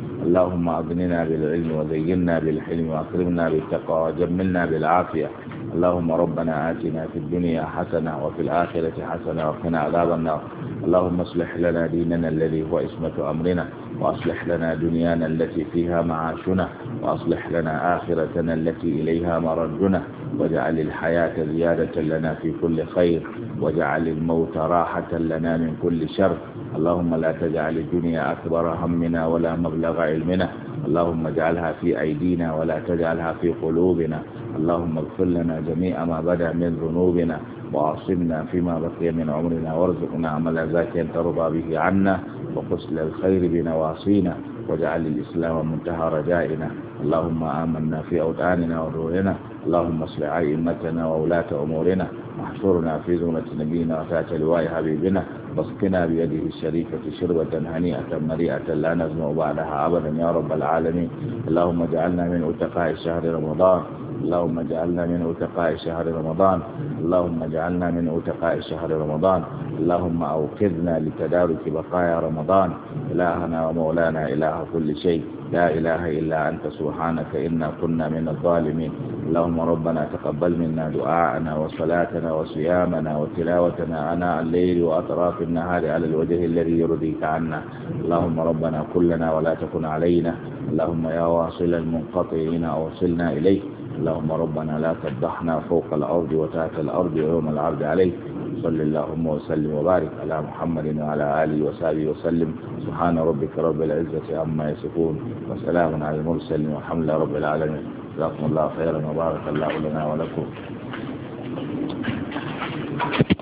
A: اللهم أغننا بالعلم وزينا بالحلم وأكرمنا بالتقوى وجملنا بالعافية اللهم ربنا آتنا في الدنيا حسنة وفي الآخرة حسنة وقنا عذاب النار اللهم اصلح لنا ديننا الذي هو اسمة أمرنا وأصلح لنا دنيانا التي فيها معاشنا وأصلح لنا آخرتنا التي إليها مرجنا واجعل الحياة زيادة لنا في كل خير واجعل الموت راحة لنا من كل شر اللهم لا تجعل الدنيا أكبر همنا ولا مبلغ علمنا اللهم اجعلها في أيدينا ولا تجعلها في قلوبنا اللهم اغفر لنا جميع ما بدا من ذنوبنا واعصمنا فيما بقي من عمرنا وارزقنا عمل ذاك ترضى به عنا وقسل الخير بنواصينا واجعل الإسلام منتهى رجائنا اللهم آمنا في أوطاننا ودورنا اللهم اصلح أئمتنا وولاة أمورنا واحشرنا في زمرة نبينا وتحت لواء حبيبنا واسقنا بيده الشريفة شربة هنيئة مريئة لا نزمع بعدها أبدا يا رب العالمين اللهم اجعلنا من أتقاء شهر رمضان اللهم اجعلنا من أتقاء شهر رمضان اللهم اجعلنا من أتقاء شهر رمضان اللهم أوقذنا لتدارك بقايا رمضان إلهنا ومولانا إله كل شيء لا إله إلا أنت سبحانك إنا كنا من الظالمين اللهم ربنا تقبل منا دعاءنا وصلاتنا وصيامنا وتلاوتنا أناء الليل وأطراف النهار على الوجه الذي يرضيك عنا اللهم ربنا كلنا ولا تكن علينا اللهم يا واصل المنقطعين أوصلنا إليك اللهم ربنا لا تفضحنا فوق الأرض وتحت الأرض ويوم العرض عليك صل اللهم وسلم وبارك على محمد وعلى آله وصحبه وسلم سبحان ربك رب العزة عما يصفون وسلام على المرسلين والحمد لله رب العالمين جزاكم الله خيرا وبارك الله لنا
B: ولكم